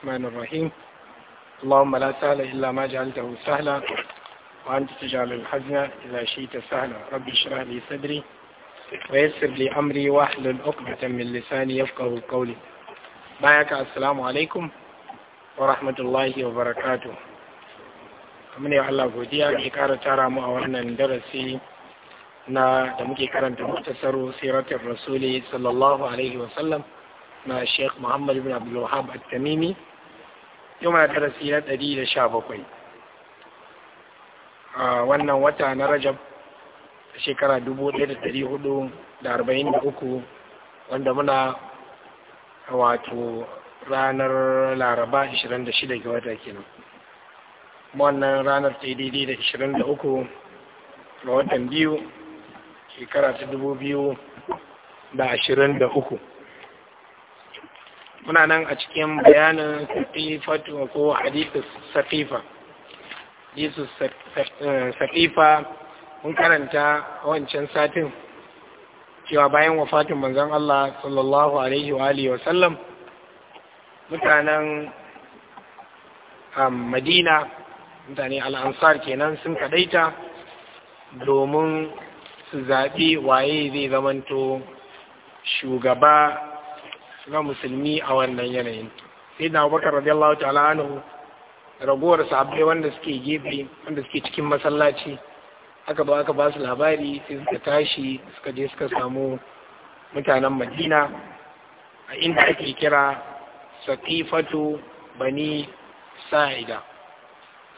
الرحمن الرحيم اللهم لا سهل إلا ما جعلته سهلا وأنت تجعل الحزن إذا شئت سهلا ربي اشرح لي Allah godiya da ya tara mu a wannan darasi da muke karanta mutasaru siratar rasuli sallallahu alaihi wasallam na sheikh muhammad ibn abdul wahab yau mana darasi na ɗari da sha bakwai a wannan wata na rajab shekara dubu ɗaya da ɗari hudu da arba'in da uku wanda muna wato ranar laraba 26 ga wata kenan wannan ranar ta daidai da 23 ga watan biyu shekara ta 2023 muna nan a cikin bayanin safifatu ko hadisus safifa hadisus safifa eh, mun karanta wancan satin cewa bayan wafatin manzon Allah sallallahu alaihi wa alihi wa sallam mutanen um, Madina mutane al'ansar kenan sun kadaita domin su zaɓi waye zai zamanto shugaba na musulmi a wannan yanayin sai da abubakar radiyallahu ta'ala anhu ragowar sahabbai wanda suke gefe wanda suke cikin masallaci aka ba aka ba su labari sai suka tashi suka je suka samu mutanen madina a inda ake kira saqifatu bani sa'ida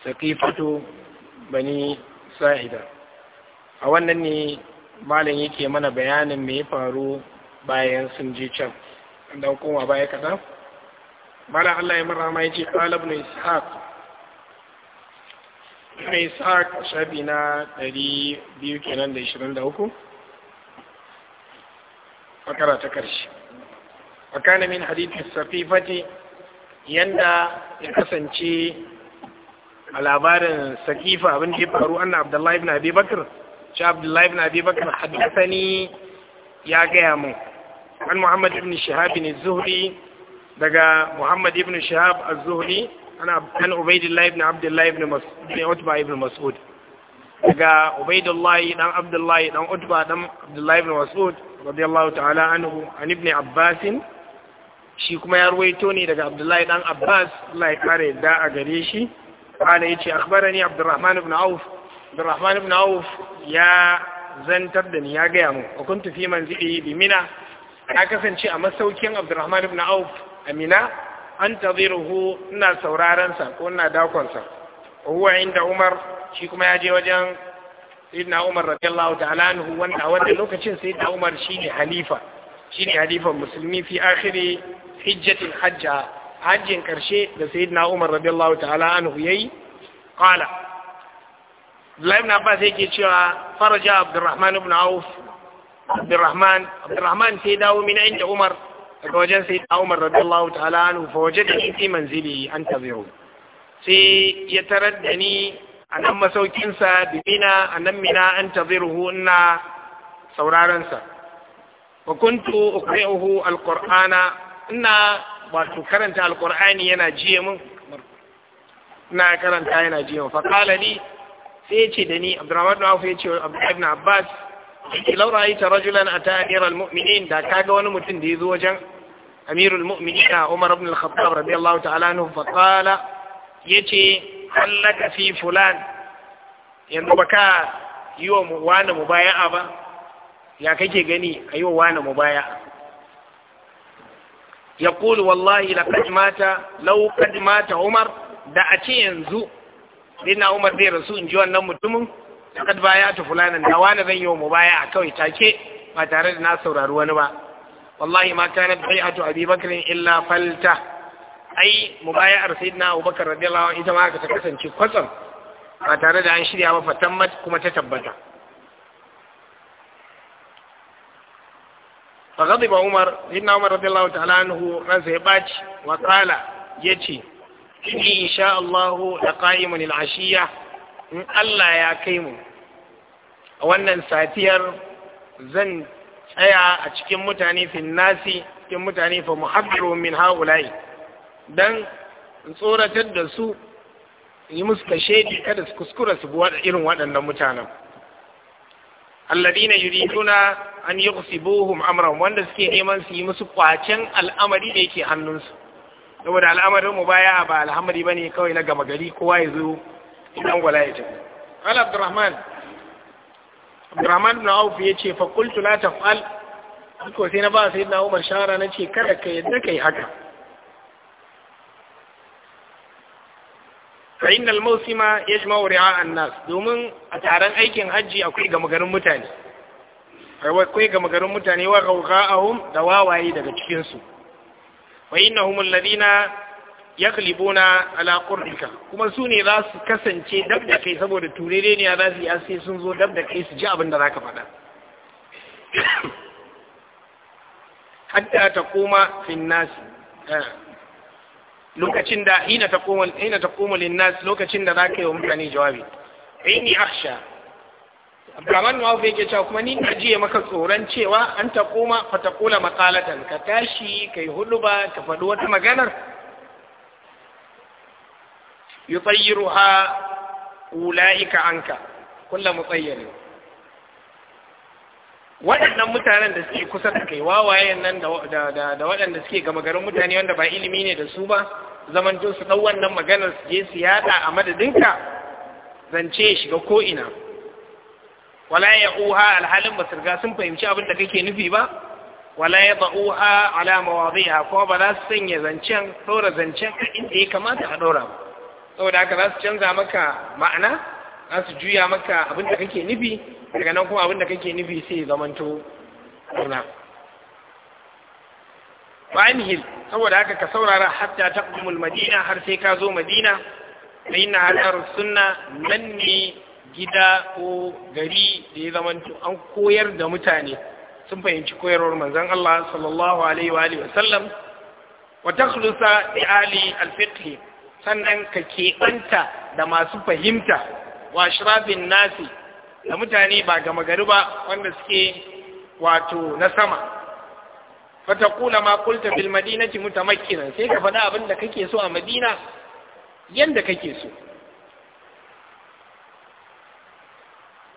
saqifatu bani sa'ida a wannan ne malam yake mana bayanin me ya faru bayan sun je can dan koma baya kaza mala Allah ya marama yace qala ibn ishaq ibn ishaq shabi na 200 kenan da 23 fakara ta karshe fakana min hadith as-saqifati yanda ya kasance a labarin sakifa abin da ya faru anna abdullahi ibn abi bakr shi abdullahi ibn abi bakr haddathani ya gaya mun an muhammad ibn shihab az-zuhri daga muhammad ibn shihab az-zuhri an ubaidillah ibn abdullah ibn utba ibn mas'ud daga ubaidullah dan abdullah dan utba dan abdullah ibn mas'ud radiyallahu ta'ala anhu an ibn abbas shi kuma ya ruwaito ne daga abdullahi dan abbas Allah ya kare da a gare shi قال يجي أخبرني عبد الرحمن بن عوف عبد الرحمن بن عوف يا زنتر دني يا جامو وكنت في منزله بمنى na kasance a masaukin abdurrahman ibn auf amina an taziruhu ina saurarensa ko ina dakonsa huwa inda umar shi kuma ya je wajen sayyidina umar radiyallahu ta'ala anhu wanda wanda lokacin sayyidina umar shine halifa shine halifan musulmi fi akhiri hijjatil hajja hajjin karshe da sayyidina umar radiyallahu ta'ala anhu yayi qala Abdullahi ibn Abbas yake cewa faraja Abdurrahman ibn Auf Abdurrahman Abdurrahman sai dawo min a inda Umar daga wajen sai da Umar radiyallahu ta'ala anhu fa wajadani fi manzili an taziru sai ya tarar da ni a nan masaukinsa bibina, a nan mina an taziruhu ina saurarensa wa kuntu uqri'uhu alqur'ana ina wato karanta alqur'ani yana jiye mun ina karanta yana jiye mun fa qala li sai ya ce da ni Abdurrahman ibn Auf ya ce Abdurrahman ibn Abbas yake laura ta rajulan a ta'irar mu'minin da kaga wani mutum da ya zo wajen amirul mu'minin umar ibn al-khattab radiyallahu ta'ala nu faqala yace allaka fi fulan yanzu baka yi wa wani mubaya'a ba ya kake gani a yi wa wani mubaya'a يقول والله لقد مات لو قد مات عمر da a ce yanzu dina umar zai rasu in ji wannan mutumin لقد بايعت فلانا نوانا ذن يوم مبايع كوي تاكي ما تارد ناس ورارواني با والله ما كانت بحيعة أبي بكر إلا فلتة أي مبايع سيدنا أبو بكر رضي الله عنه إذا ما كتكسن قصر ما تارد عن شريعة وفتمت كما تتبتا فغضب عمر سيدنا عمر رضي الله تعالى عنه رزيبات وقال يتي إن شاء الله لقائم العشية إن الله يا كيمو a wannan satiyar zan tsaya a cikin mutane finnasi cikin mutane fa muhabbiru min haulai dan tsoratar da su yi musu kashedi kada su kuskura su buwa irin waɗannan mutanen alladina yuriduna an yughsibuhum amran wanda suke neman su yi musu kwacen al'amari da yake hannunsu saboda al'amarin mu baya ba alhamari bane kawai na gama gari kowa ya zo idan gwala ya tafi al abdurrahman Abdurrahman ibn Auf ya fa qultu la taf'al ko sai na ba sai na Umar shawara na ce kada ka yadda kai haka fa innal mawsima yajma'u ri'a'an nas domin a taron aikin hajji akwai ga magarin mutane akwai ga magarin mutane wa gawqa'ahum da wawaye daga cikin su wa innahum alladhina ya kalibona qurrika kuma su ne za su kasance dab da kai saboda turere ne za su yi sai sun zo dab da kai su ji abin da za ka faɗa Hadda ta koma fin eh. lokacin da ina ta koma ta koma lin lokacin da za ka yi wa mutane jawabi inni aksha." Abdurrahman Nawaf yake cewa kuma ni ajiye maka tsoron cewa an ta koma fata kula maqalatan ka tashi ka yi huluba ka faɗi wata maganar yutayyiruha ula'ika anka kulla mutsayyari waɗannan mutanen da suke kusa da kai wawayen nan da waɗanda suke gama garin mutane wanda ba ilimi ne da su ba zaman to su ɗau wannan maganar su je su yada a madadinka zance ya shiga ko'ina wala ya uha alhalin ba riga sun fahimci abin da kake nufi ba wala ya ba uha ala mawadhiha kuma ba za su sanya zancen saura zancen inda ya kamata a ɗora ba saboda haka za su canza maka ma'ana za su juya maka abin da kake nufi daga nan kuma abin da kake nufi sai zamanto murna hil saboda haka ka saurara hatta ta kumul madina har sai ka zo madina fa na halar sunna nan ne gida ko gari da ya zamanto an koyar da mutane sun fahimci koyarwar manzon Allah sallallahu alaihi wa wa sallam wa takhlusa li ali al-fiqh sannan ka keɓanta da masu fahimta wa shirafin nasi da mutane ba gama gari ba wanda suke wato na sama kula ma kulta fil madinati mutamakkinan sai ka faɗa abin da kake so a madina yanda kake so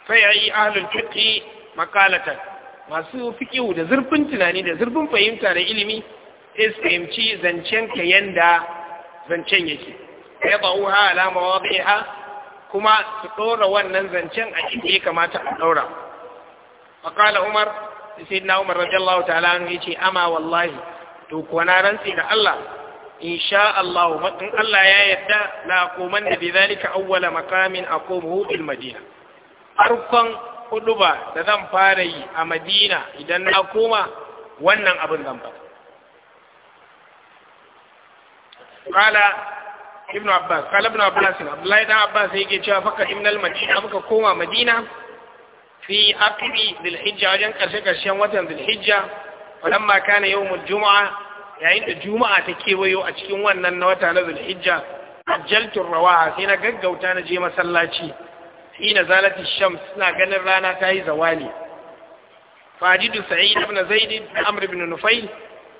sai ya yi ahalin fiƙi makalatar masu fiƙihu da zurfin tunani da zurfin fahimta da ilimi sai su fahimci ka yanda zancen yake ya ba wuha alama wa ha kuma su ɗora wannan zancen a inda ya kamata a ɗora faƙala umar sai na umar radiyallahu ta'ala ya yace ama wallahi to kuwa na rantsi da Allah insha Allah in Allah ya yarda la aqumanna bi zalika awwala maqamin aqumuhu bil madina farkon huduba da zan fara yi a madina idan na koma wannan abin zan qala ibnu abbas qala ibnu abbas abdullahi dan abbas yake koma madina fi aqbi dhil hijja wajen karshe karshen watan dhil hijja yayin da juma'a ta kewayo a cikin wannan wata na dhil hijja ajjaltu rawaha sai na gaggauta na je masallaci hina shams na ganin rana ta yi zawali fajidu sa'id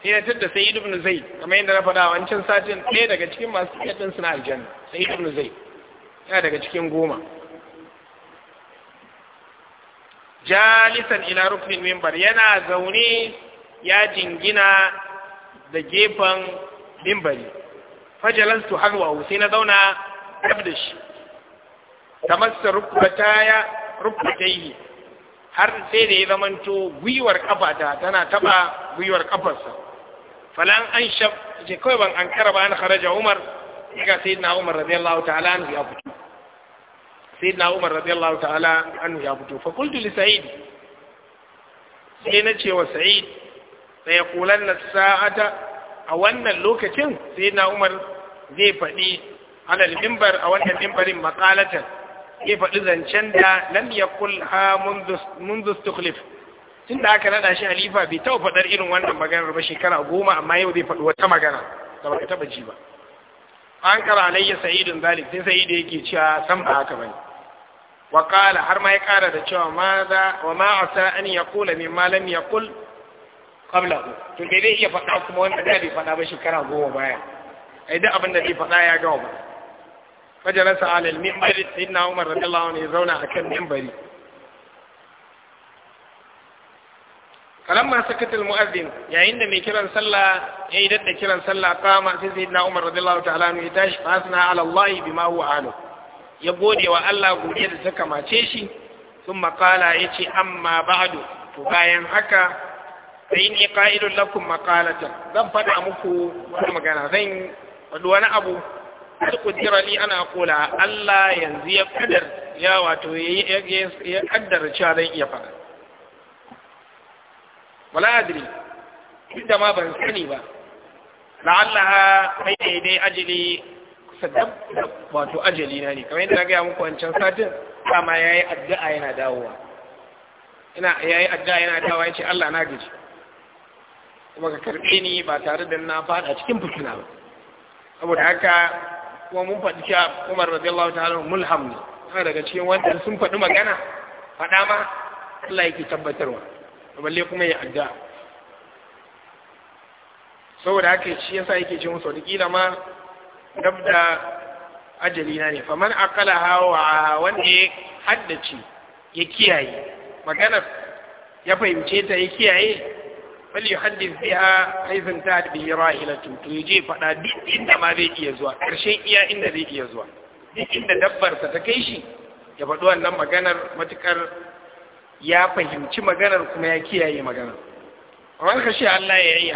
ya da sai ibn zaid kamar yadda na faɗa a wancan satin ɗaya daga cikin masu kaɗin suna aljanna sai ibn zaid yana daga cikin goma jalisan ila rufin mimbar yana zaune ya jingina da gefen mimbari fajalastu harwa sai na zauna gab da shi tamassa rukbataya rukbatayhi har sai da ya zamanto gwiwar ta tana taba gwiwar kafarsa falan an shab ce kawai ban an ba an kharaja umar daga sayyidina umar radiyallahu ta'ala anhu ya fito sayyidina umar radiyallahu ta'ala anhu ya fito fa qultu li sa'id sai na ce wa sa'id la na sa'ata a wannan lokacin sayyidina umar zai faɗi alal mimbar a wannan mimbarin maqalatan zai faɗi zancen da lam yaqul ha mundu mundu tukhlif tun da aka nada shi halifa bai taɓa faɗar irin wannan maganar ba shekara goma amma yau zai faɗi wata magana da ba ka taɓa ji ba an kara alayya sa'idun zalik sai sa'idu yake cewa san ba haka bane wa qala har ma ya kara da cewa ma za wa ma asa an yaqula mimma lam yaqul qablahu to bai dai iya faɗa kuma wanda da bai faɗa ba shekara goma baya ai duk abin da bai faɗa ya gama ba fajalasa alal minbar sayyidina umar radiyallahu anhu ya zauna akan minbari Kalamar sakatul mu'azzin yayin da mai kiran sallah ya yi dadda kiran sallah kama sai sayyidina Umar radiyallahu ta'ala ya tashi fa hasna ala Allah ya gode wa Allah godiya da ta kamace shi thumma ya ce amma ba'du to bayan haka sai ni qa'ilun lakum maqalatan zan fada muku wani magana zan wani abu da kudira ni ana kula Allah yanzu ya kadar ya wato ya kaddara cewa zan iya faɗa wala adri duk da ma ban sani ba la'allaha kai daidai ajali kusa da wato ajali na ne kamar yadda na gaya muku wancan satin kama ya yi addu'a yana dawowa ina ya yi addu'a yana dawowa ya ce Allah na gaji kuma ka karɓe ni ba tare da na fada cikin fitina ba saboda haka kuma mun faɗi cewa Umar radiyallahu ta'ala mulham ne daga cikin wanda sun faɗi magana faɗa ma Allah yake tabbatarwa balle kuma ya adda saboda haka shi yasa yake ce musu wataƙila ma gab da ajali na ne faman akala hawa wanda ya haddace ya kiyaye magana ya fahimce ta ya kiyaye bal ta biha haythan ta'at bihi rahilatu to je faɗa duk inda ma zai iya zuwa Ƙarshen iya inda zai iya zuwa duk inda dabbarsa ta kai shi ya faɗi wannan maganar matuƙar. ya fahimci maganar kuma ya kiyaye maganar wani ka shi Allah ya yi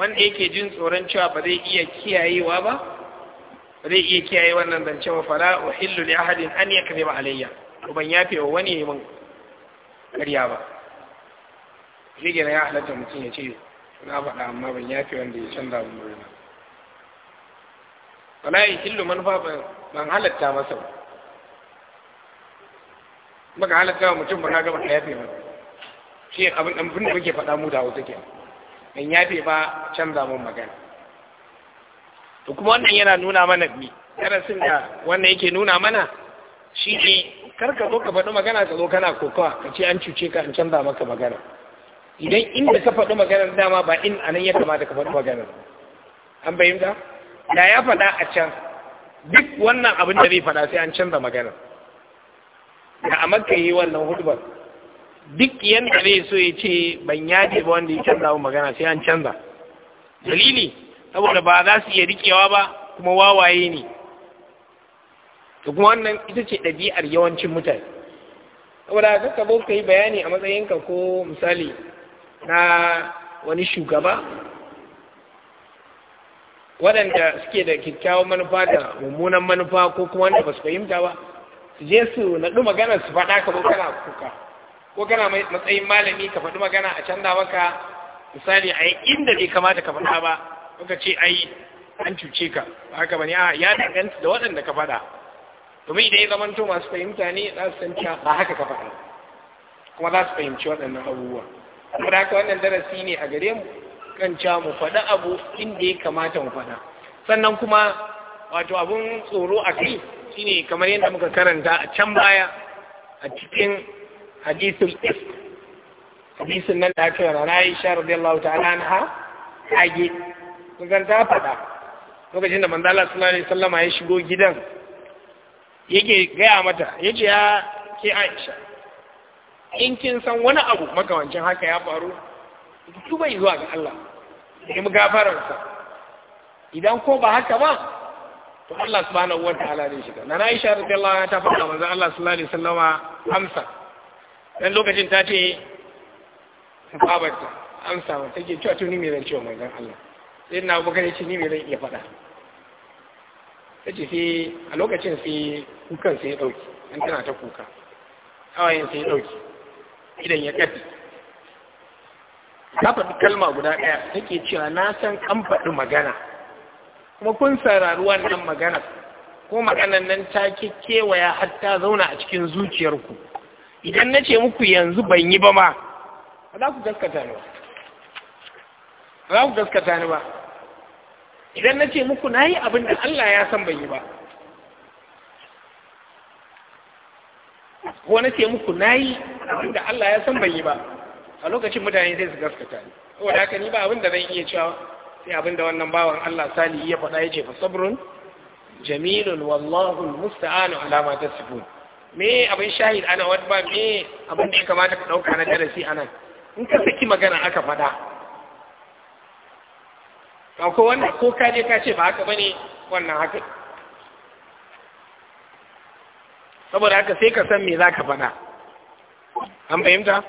wanda yake jin tsoron cewa ba zai iya kiyayewa ba ba zai iya kiyaye wannan zance ba fara uhillu ya ahadin an ba alayya to ban yafe wa wani min ƙarya ba shi gina ya halatta mutum ya ce na faɗa amma ban yafe wanda ya canza mun wala yahillu man fa ban halatta masa ba baka halatta wa mutum ba ka gaba ka yafe mai shi abin da abin da muke faɗa mu da Hausa kenan in yafe ba canza mun magana to kuma wannan yana nuna mana mi darasin da wannan yake nuna mana shi ne karka zo ka faɗi magana ka zo kana kokawa ka ce an cuce ka an canza maka magana idan inda ka faɗi magana dama ba in anan ya kamata ka faɗi magana an bayyana da ya faɗa a can duk wannan abin da zai faɗa sai an canza magana. da a makka yi wannan hudubar duk yanda zai so ya ce ban yaje ba wanda ya canza wa magana sai an canza dalili saboda ba za su iya rikewa ba kuma wawaye ne to kuma wannan ita ce ɗabi'ar yawancin mutane saboda ka kabo ka yi bayani a matsayinka ko misali na wani shugaba waɗanda suke da kyakkyawan manufa da mummunan manufa ko kuma wanda ba su fahimta ba je su naɗu magana su faɗa ka ko kana kuka ko kana matsayin malami ka faɗi magana a canza maka misali a inda bai kamata ka faɗa ba kuka ce ai an cuce ka haka bane a ya danganta da waɗanda ka faɗa domin idan ya zamanto masu fahimta ne za su san cewa ba haka ka faɗa kuma za su fahimci waɗannan abubuwa Kuma da haka wannan darasi ne a gare mu kan cewa mu faɗi abu inda ya kamata mu faɗa sannan kuma wato abun tsoro a kai shine kamar yadda muka karanta a can baya a cikin hadisul hadisin nan da aka yi rana Aisha radiyallahu ta'ala anha age kusan ta faɗa lokacin da manzala sallallahu alaihi sallama ya shigo gidan yake gaya mata ce ya ke Aisha in kin san wani abu makawancin haka ya faru ki bai zuwa ga Allah ki mu gafararsa idan ko ba haka ba to Allah subhanahu wa ta'ala ne shiga na Aisha radiyallahu anha ta faɗa manzo Allah sallallahu alaihi wasallama amsa dan lokacin ta ce babarta amsa wa take cewa to ni me zan cewa manzo Allah sai na Abubakar ya ce ni me zan iya faɗa tace sai a lokacin sai kukan sai ya dauki an tana ta kuka hawayen sai ya dauki idan ya kafi ta faɗi kalma guda ɗaya take cewa na san an faɗi magana kuma kun saurari wannan magana ko maganan nan ta kekewa har ta zauna a cikin zuciyarku idan na ce muku yanzu ban yi ba ma ba za ku gaskata ni ba ba za ku gaskata ni ba idan na ce muku na yi abin da Allah ya san ban yi ba ko na ce muku na yi abin da Allah ya san ban yi ba a lokacin mutane zai su gaskata ni da haka ni ba abin da zan iya cewa sai abinda wannan bawan Allah salihi ya faɗa ya ce fa sabrun jamilun wallahu musta'anu ala ma tasifun me abin shahid ana ba me abin da ya kamata ka dauka na darasi anan in ka saki magana aka faɗa ko wanda ko ka je ka ce ba haka bane wannan haka saboda haka sai ka san me zaka faɗa an fahimta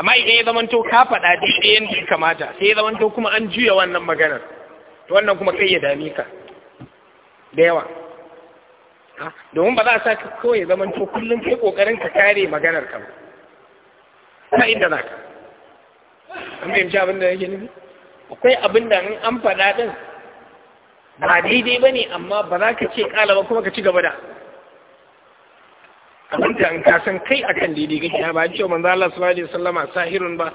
amma idan ya zamanto ka faɗa daidai yadda ya kamata sai ya zamanto kuma an juya wannan maganar to wannan kuma kai ya dami ka da yawa domin ba za a sa ka kawai zamanto kullum kai kokarin ka kare maganar ka ba inda za ka an fahimci abin da yake nufi akwai abin da in an faɗa ɗin ba daidai ba ne amma ba za ka ce ƙala ba kuma ka ci gaba da kamar da an ka san kai akan daidai kake ba an ce manzo Allah sallallahu alaihi wasallama sahirun ba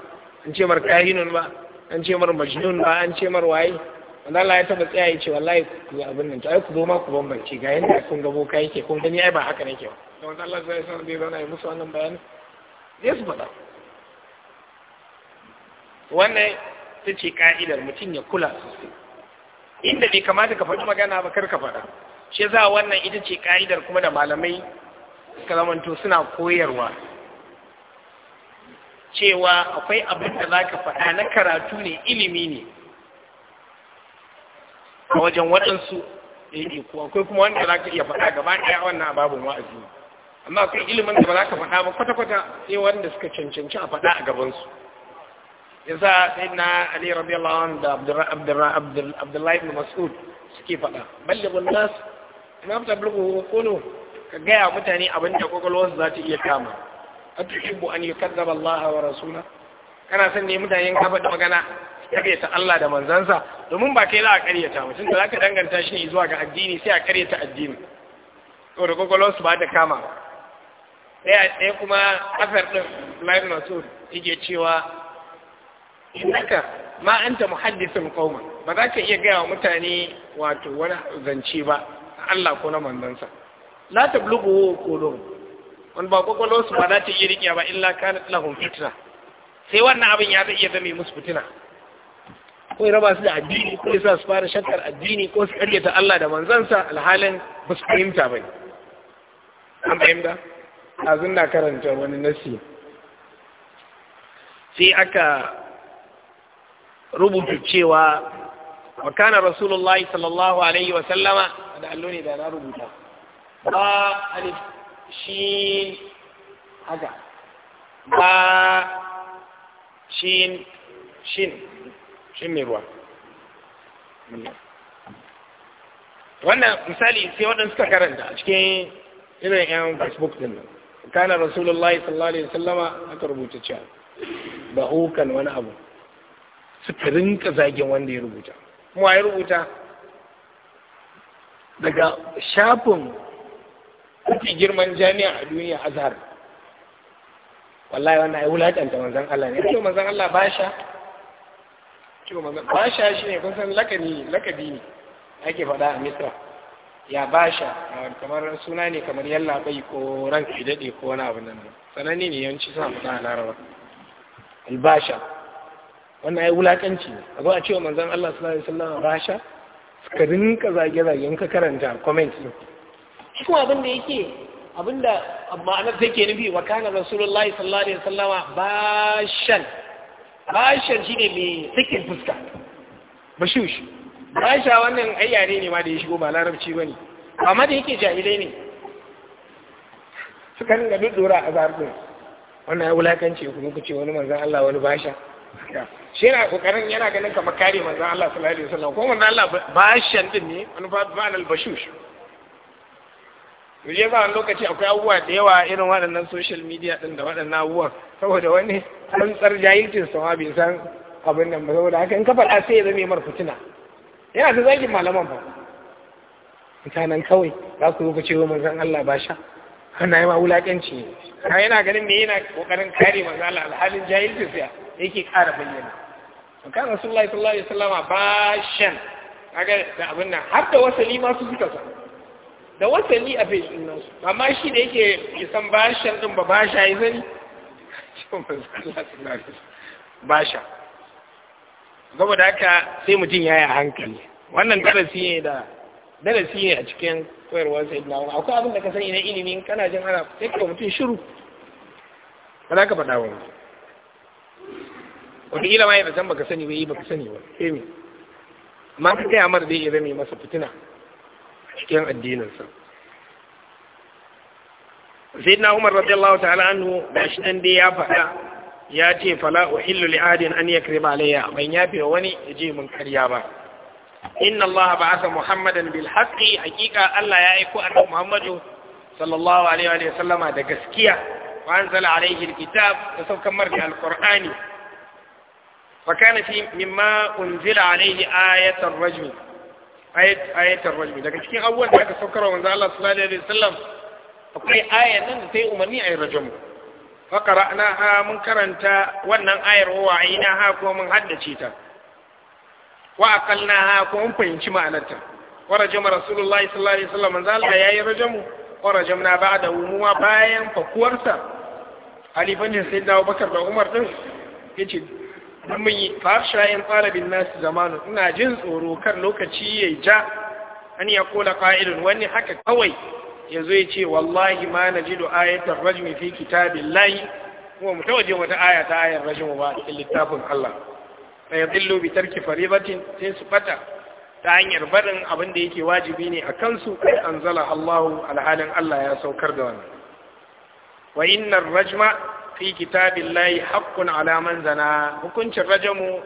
an ce mar kahinun ba an ce mar majnun ba an ce mar waye manzo Allah ya taba tsaya ya ce wallahi ku abin nan to ai ku zo ma ku bambance ga yanda kun gabo kai yake kun gani ai ba haka nake ba to manzo Allah sallallahu alaihi wasallam bai zauna ya musu wannan bayani zai su faɗa wannan ta ce ka'idar mutum ya kula sosai inda bai kamata ka faɗi magana ba kar ka faɗa shi za wannan ita ce ka'idar kuma da malamai suka suna koyarwa cewa akwai abin da za ka faɗa na karatu ne ilimi ne a wajen waɗansu yi ko akwai kuma wanda za ka iya faɗa gaba ɗaya wannan babin wa'azi amma akwai ilimin da ba za ka faɗa ba kwata-kwata sai wanda suka cancanci a faɗa a gabansu yasa sai na ali radiyallahu anhu da abdullahi ibn mas'ud suke faɗa balli nasu ina ta bulgu ko ka gaya mutane abin da kwakwalwar za ta iya kama a bu an yukazzaba Allah wa rasula kana son ne mutane ka faɗi magana karyata Allah da manzansa domin ba kai za a karyata tun da za ka danganta shi ne zuwa ga addini sai a karyata addini to da su ba ta kama ɗaya ɗaya kuma asar ɗin Ibn Masud yake cewa innaka ma anta muhaddisin qauma ba za ka iya gaya wa mutane wato wani zance ba Allah ko na manzansa la tablughu qulum wani ba kokolo su ba za ta iya riƙe ba illa kanat lahum fitna sai wannan abin ya zai iya zame musu fitina ko raba su da addini ko ya sa su fara shakkar addini ko su karyata Allah da manzansa alhalin ba su fahimta ba ne an fahimta a na karanta wani nasi sai aka rubuta cewa wa kana rasulullahi sallallahu alaihi wa sallama da allo ne da na rubuta ba alif shin haka ba shin shin shin mai ruwa wannan misali sai waɗanda suka karanta a cikin irin yan facebook din nan kana rasulullah sallallahu alaihi wasallama aka rubuta cewa ba hukan wani abu su rinka zagin wanda ya rubuta kuma ya rubuta daga shafin mafi girman jami'a a duniya azhar wallahi wannan ai wulakanta manzon Allah ne to manzon Allah basha to manzon basha shine kun san lakani lakabi ne ake faɗa a Misra ya basha kamar suna ne kamar yalla bai ko ranka ki dade ko wani abu nan sananne ne yawanci suna faɗa a Laraba albasha wannan ai wulakanci ne a zo a cewa manzon Allah sallallahu alaihi wasallam basha suka rinka zage-zagen ka karanta comment din shi kuma abin da yake abin da ma'anar take nufi wa kana rasulullahi sallallahu alaihi wasallam bashan bashan shine mai sakin fuska bashush basha wannan ayyane ne ma da ya shigo ba larabci bane amma da yake jahilai ne suka ringa duddura a zarfin wannan ya wulakanci kuma ku ce wani manzon Allah wani basha shi yana kokarin yana ganin kamar kare manzon Allah sallallahu alaihi wasallam ko manzon Allah bashan din ne wani ba al bashush Yuri ya wani lokaci akwai abubuwa da yawa irin waɗannan social media ɗin da waɗannan abubuwan saboda wani tsantsar jahilcin sama bai san abin nan ba saboda haka in ka faɗa sai ya zama mar fitina yana da zagin malaman ba mutanen kawai za ku ku cewa manzon Allah ba sha ana yi ma wulaƙanci ne yana ganin me yana kokarin kare manzon Allah alhalin jahilcin sai yake ƙara bayyana to kan Rasulullahi sallallahu alaihi wasallam ba shan kaga da abin nan har da wasali ma su suka sa da watanni a fesun din nan amma shi da yake isan bashan din ba basha yi zani basha da aka sai mutum ya yi hankali wannan darasi ne da darasi ne a cikin koyarwar sai na wani akwai abin da ka sani na ilimi kana jin ana sai ka mutum shiru ba za ka faɗa wani wata ila ma yi da can baka sani ba yi baka sani ba sai amma ka gaya mar zai iya zame masa fitina cikin addininsa sai na umar radiyallahu ta'ala anhu da shi nan dai ya faɗa ya ce fala uhillu li ahadin an yakriba alayya ban yafe wani ya je mun karya ba inna allaha ba'atha muhammadan bil haqqi haqiqa allah ya aiko annabi muhammadu sallallahu alaihi wa sallama da gaskiya wa anzala alaihi alkitab da saukan mar da alqur'ani fa kana fi mimma unzila alaihi ayatan rajmi ayatar rajmi daga cikin abubuwan da aka wa manzo Allah sallallahu alaihi wasallam akwai ayar nan da ta yi umarni a yi rajamu faƙara'naha mun karanta wannan ayar wa ha kuma mun haddace ta wa aqalnaha kuma mun fahimci ma'anarta wa rajama rasulullah sallallahu alaihi wasallam manzo Allah yayi rajamu wa rajamna ba'da umuwa bayan fakuwarsa halifan sayyidina Abubakar da Umar din yace don mun yi fashayen ɗalibin nasu zamanu ina jin tsoro kan lokaci ya ja an ya kola ƙa'idun wani haka kawai ya zo ya ce wallahi ma na ji da ayatar rajimi fi kitabin layi kuma mu tawaje wata aya ta ayar rajimu ba a littafin Allah na yanzu dillo bi tarki faribatin sai su bata ta hanyar barin abin da yake wajibi ne a kansu kai anzala Allahu alhalin Allah ya saukar da wannan wa innar rajma fi kitabillahi haqqun ala man zana hukuncin rajamu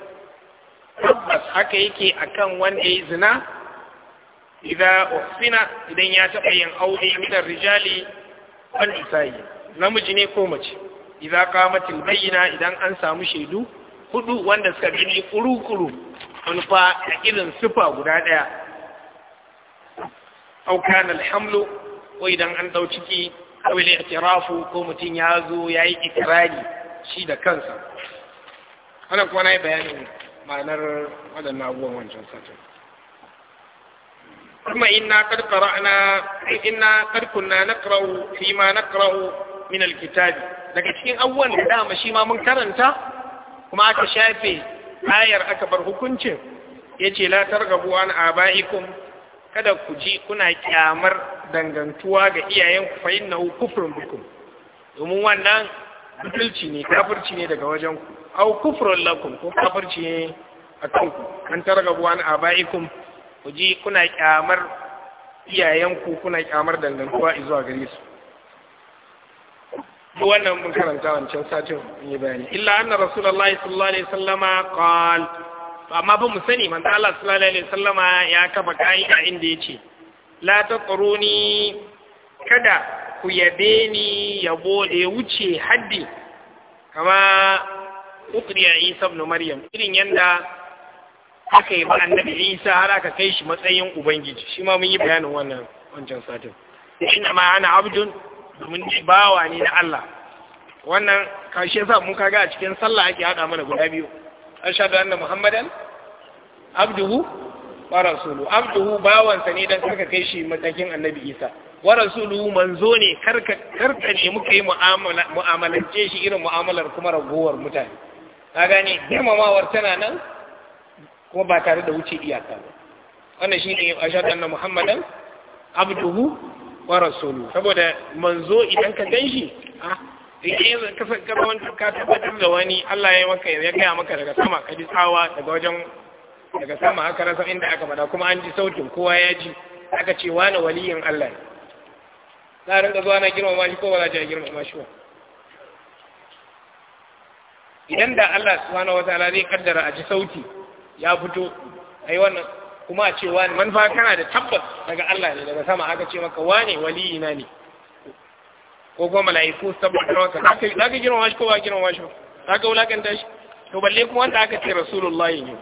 tabbas haka yake akan wanda ya zina idza idan ya taɓa yin aure min rijali wal namiji ne ko mace idza qamatil bayyina idan an samu shaidu hudu wanda suka gani kuru-kuru wani a irin sufa guda ɗaya aukan alhamlu ko idan an ɗau ciki awil i'tirafu ko mutum ya zo ya yi shi da kansa ana kuma na yi bayanin ma'anar wadannan abubuwan wancan satin kuma inna qad qara'na inna qad kunna naqra'u fi ma naqra'u min alkitab daga cikin abubuwan da dama shi ma mun karanta kuma aka shafe ayar aka bar hukuncin yace la targabu an abaikum kada ku ji kuna kyamar dangantuwa ga iyayenku fa innahu kufrun bikum domin wannan butulci ne kafirci ne daga wajen ku au kufrun lakum ko kafirci ne a kanku an targabu an abaikum ku ji kuna kyamar iyayenku kuna kyamar dangantuwa zuwa gare su wannan mun karanta wancan satin yi bayani illa anna rasulullahi sallallahu alaihi wasallama qala to amma ba mu sani manzo Allah sallallahu alaihi wasallama ya kafa ka'ida inda yace la taquruni kada ku yabe ni yabo da ya wuce haddi kama ukriya Isa ibn Maryam irin yanda aka yi ba annabi Isa har aka kai shi matsayin ubangiji shi ma mun yi bayanin wannan wancan satin inna ma ana abdun domin bawa ne na Allah wannan kashe sa mun kaga a cikin sallah ake hada mana guda biyu Ashadu anna muhammadan abduhu wa rasulu abduhu bawansa ne dan karka kai shi matakin annabi isa wa rasulu manzo ne karka karka ne muka yi mu'amala mu'amalance shi irin mu'amalar kuma ragowar mutane ka gane girmamawar tana nan kuma ba tare da wuce iyaka ba wannan shine ashadu anna muhammadan abduhu wa rasulu saboda manzo idan ka ganshi idan ka karwan ka tabbatar da wani Allah ya maka ya gaya maka daga sama ka ji tsawa daga wajen daga sama aka rasa inda aka bada kuma an ji sautin kowa ya ji aka ce wani waliyin Allah ne za a rinka zuwa na girmama shi ko ba za a girmama shi ba idan da Allah subhanahu wataala zai kaddara a ji sauti ya fito ai wannan kuma a ce wani manufa kana da tabbas daga Allah ne daga sama aka ce maka wani waliyina ne ko kuma mala'iku saboda rawarsa za ka girma shi ko ba girma shi za ka wulakanta shi to balle kuma wanda aka ce rasulullahi ne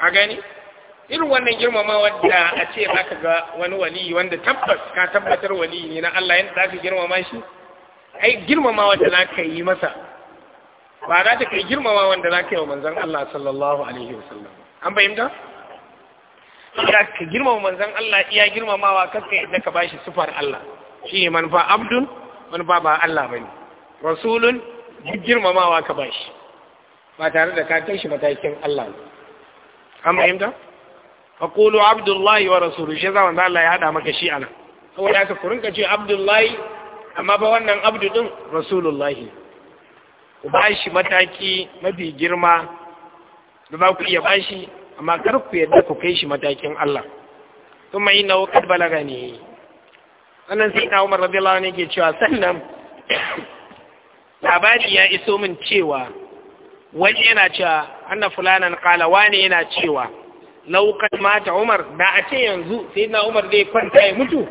a gani irin wannan girmama wadda a ce za ka ga wani wali wanda tabbas ka tabbatar wali ne na Allah yadda za ka girmama shi ai girmama wadda za ka yi masa ba za ta kai girmama wanda za ka yi wa manzan Allah sallallahu alaihi wasallam an fahimta ka girmama manzan Allah iya girmamawa kaskai da ka bashi sufar Allah shi manufa abdun manufa ba Allah ba ne. rasulun duk girmamawa ka bashi ba tare da ka kai shi matakin Allah ne an fahimta faqulu abdullahi wa rasuluhu shi zaman Allah ya hada maka shi ana Kawai haka ku kurinka ce abdullahi amma ba wannan abdu din rasulullahi ku bashi mataki mafi girma da za ku iya bashi amma kar ku yadda ku kai shi matakin Allah kuma inna balaga ne sannan sai na umar radiyallahu anhu yake cewa sannan labari ya iso min cewa wani yana cewa anna fulanan qala wani yana cewa law mata umar da a ce yanzu sai na umar zai kwanta ya mutu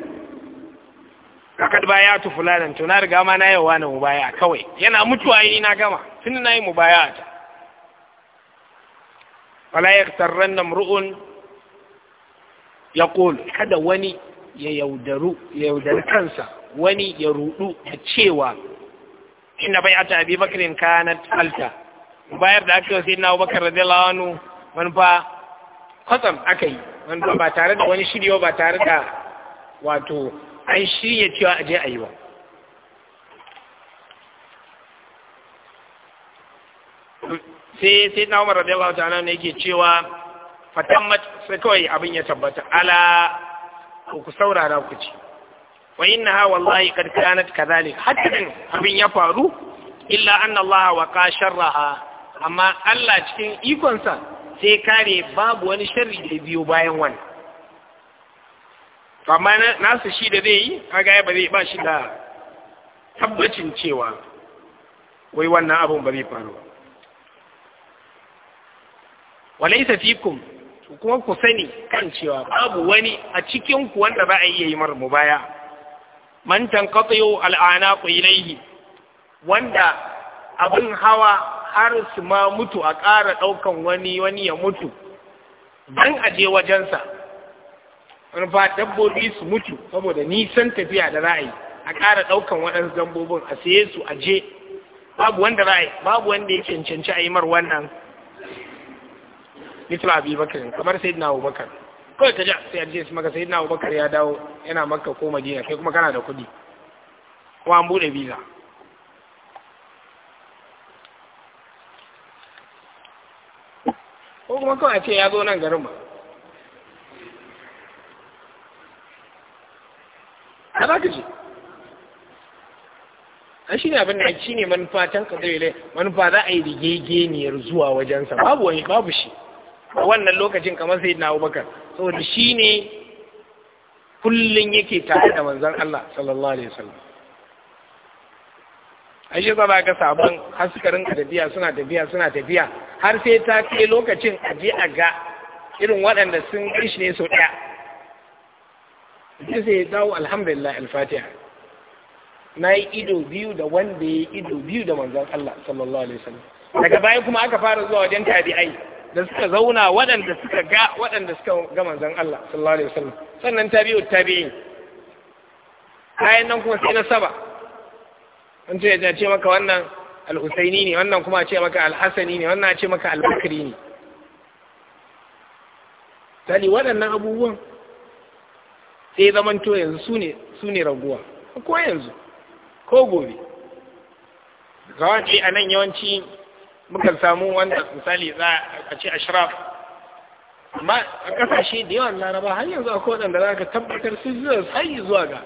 kakad baya tu fulanan to na riga ma na yawa na mubaya kawai yana mutuwa yi na gama tun na yi mubaya ta wala na mru'un ya kada wani ya yaudaru ya yaudaru kansa wani ya rudu da cewa inna bai'ata abi bakrin kana alta bayar da aka yi sai na abubakar radiyallahu anhu manufa kwatsam aka yi manufa ba tare da wani shirya ba tare da wato an shirya cewa a je a ba sai sai na umar radiyallahu ta'ala ne yake cewa fatan sai kawai abin ya tabbata ala ku saurara ku ci wa innaha wallahi kad kanat kadhalik hatta abin ya faru illa anna Allah wa ka sharraha amma Allah cikin ikonsa sai kare babu wani sharri da biyo bayan wani amma nasu shi da zai yi kaga ba zai ba shi da tabbacin cewa wai wannan abun ba zai faru ba walaysa fikum ku kuma ku sani kan cewa babu wani a cikin ku wanda za a iya yi mara mubaya man tanqatiyu al'anaqu ilayhi wanda abin hawa har su ma mutu a ƙara ɗaukan wani wani ya mutu dan aje wajensa wani ba dabbobi su mutu saboda nisan tafiya da ra'ayi a ƙara ɗaukan waɗansu dabbobin a saye su aje babu wanda ra'ayi babu wanda ya cancanci a yi mar wannan mitla abi bakar kamar sayyidina abubakar kawai ta ja sai an ce maka sai sayyidina abubakar ya dawo yana maka ko madina kai kuma kana da kuɗi kuma an buɗe biza ko kuma kawai a ce ya zo nan garin ba a za ka ce A shi ne abin da shi ne manufa can kadar manufa za a yi rigegeniyar zuwa wajensa babu shi a wannan lokacin kamar sai na abubakar saboda shi ne kullum yake tare da manzan Allah sallallahu alaihi wasallam a shi zaba ga sabon haskarin tafiya suna tafiya suna tafiya har sai ta ke lokacin a je a ga irin waɗanda sun kishi ne sau ɗaya sai ya dawo alhamdulillah alfatiha na yi ido biyu da wanda ya yi ido biyu da manzan Allah sallallahu alaihi wasallam daga bayan kuma aka fara zuwa wajen tabi'ai da suka zauna waɗanda suka ga waɗanda suka ga manzon Allah sallallahu alaihi wasallam sannan tabi'u tabi'in kayan nan kuma sai na saba an ce ya ce maka wannan al-Husaini ne wannan kuma ce maka al-Hasani ne wannan ce maka al-Bakri ne tali waɗannan abubuwan sai zaman to yanzu su ne su ne raguwa ko yanzu ko gobe ga wani a nan yawanci mukan samu wanda misali za a ce ashraf amma a kasashe da yawan laraba har yanzu akwai waɗanda za ka tabbatar su zuwa sai zuwa ga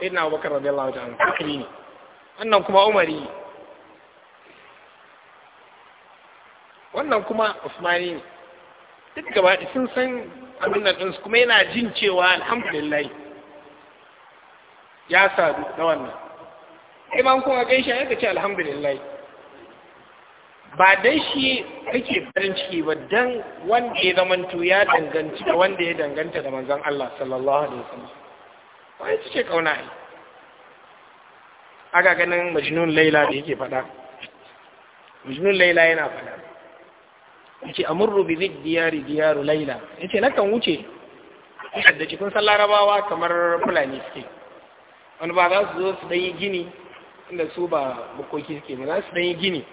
ina abubakar Allah wajen kakari ne wannan kuma umari wannan kuma usmani ne duk gaba sun san abin da ɗinsu kuma yana jin cewa alhamdulillah ya sadu da wannan imam kuma gaisha ya ce alhamdulillah ba dai shi kake farin ciki ba don wanda ya zamantu ya danganci da wanda ya danganta da manzan Allah sallallahu alaihi wasallam wai su ce kauna ne. aga ganin majnun laila da yake fada majnun laila yana fada yace amurru bi diyari diyaru laila yace nakan wuce da cikin sallarabawa kamar fulani suke wani ba za su zo su dan yi gini inda su ba bukoki suke ba za su dan yi gini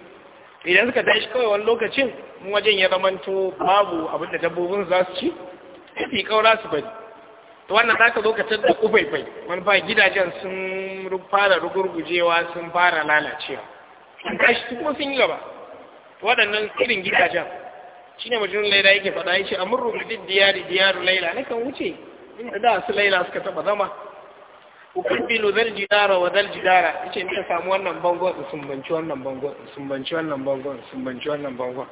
idan suka tashi kawai wani lokacin mun wajen ya zamanto babu abin da dabbobin za su ci sai kaura su bari to wannan za ka zo ka tadda kufaifai wani ba gidajen sun fara rugurgujewa sun fara lalacewa sun tashi su kuma sun yi gaba waɗannan irin gidajen shi ne mutum laila yake faɗa ya ce amurru bidin diyari diyaru laila nakan wuce ina da su laila suka taɓa zama ukubbilu zal jidara wa zal jidara yace ni samu wannan bangon sun banci wannan bangon sun banci wannan bangon sun banci wannan bangon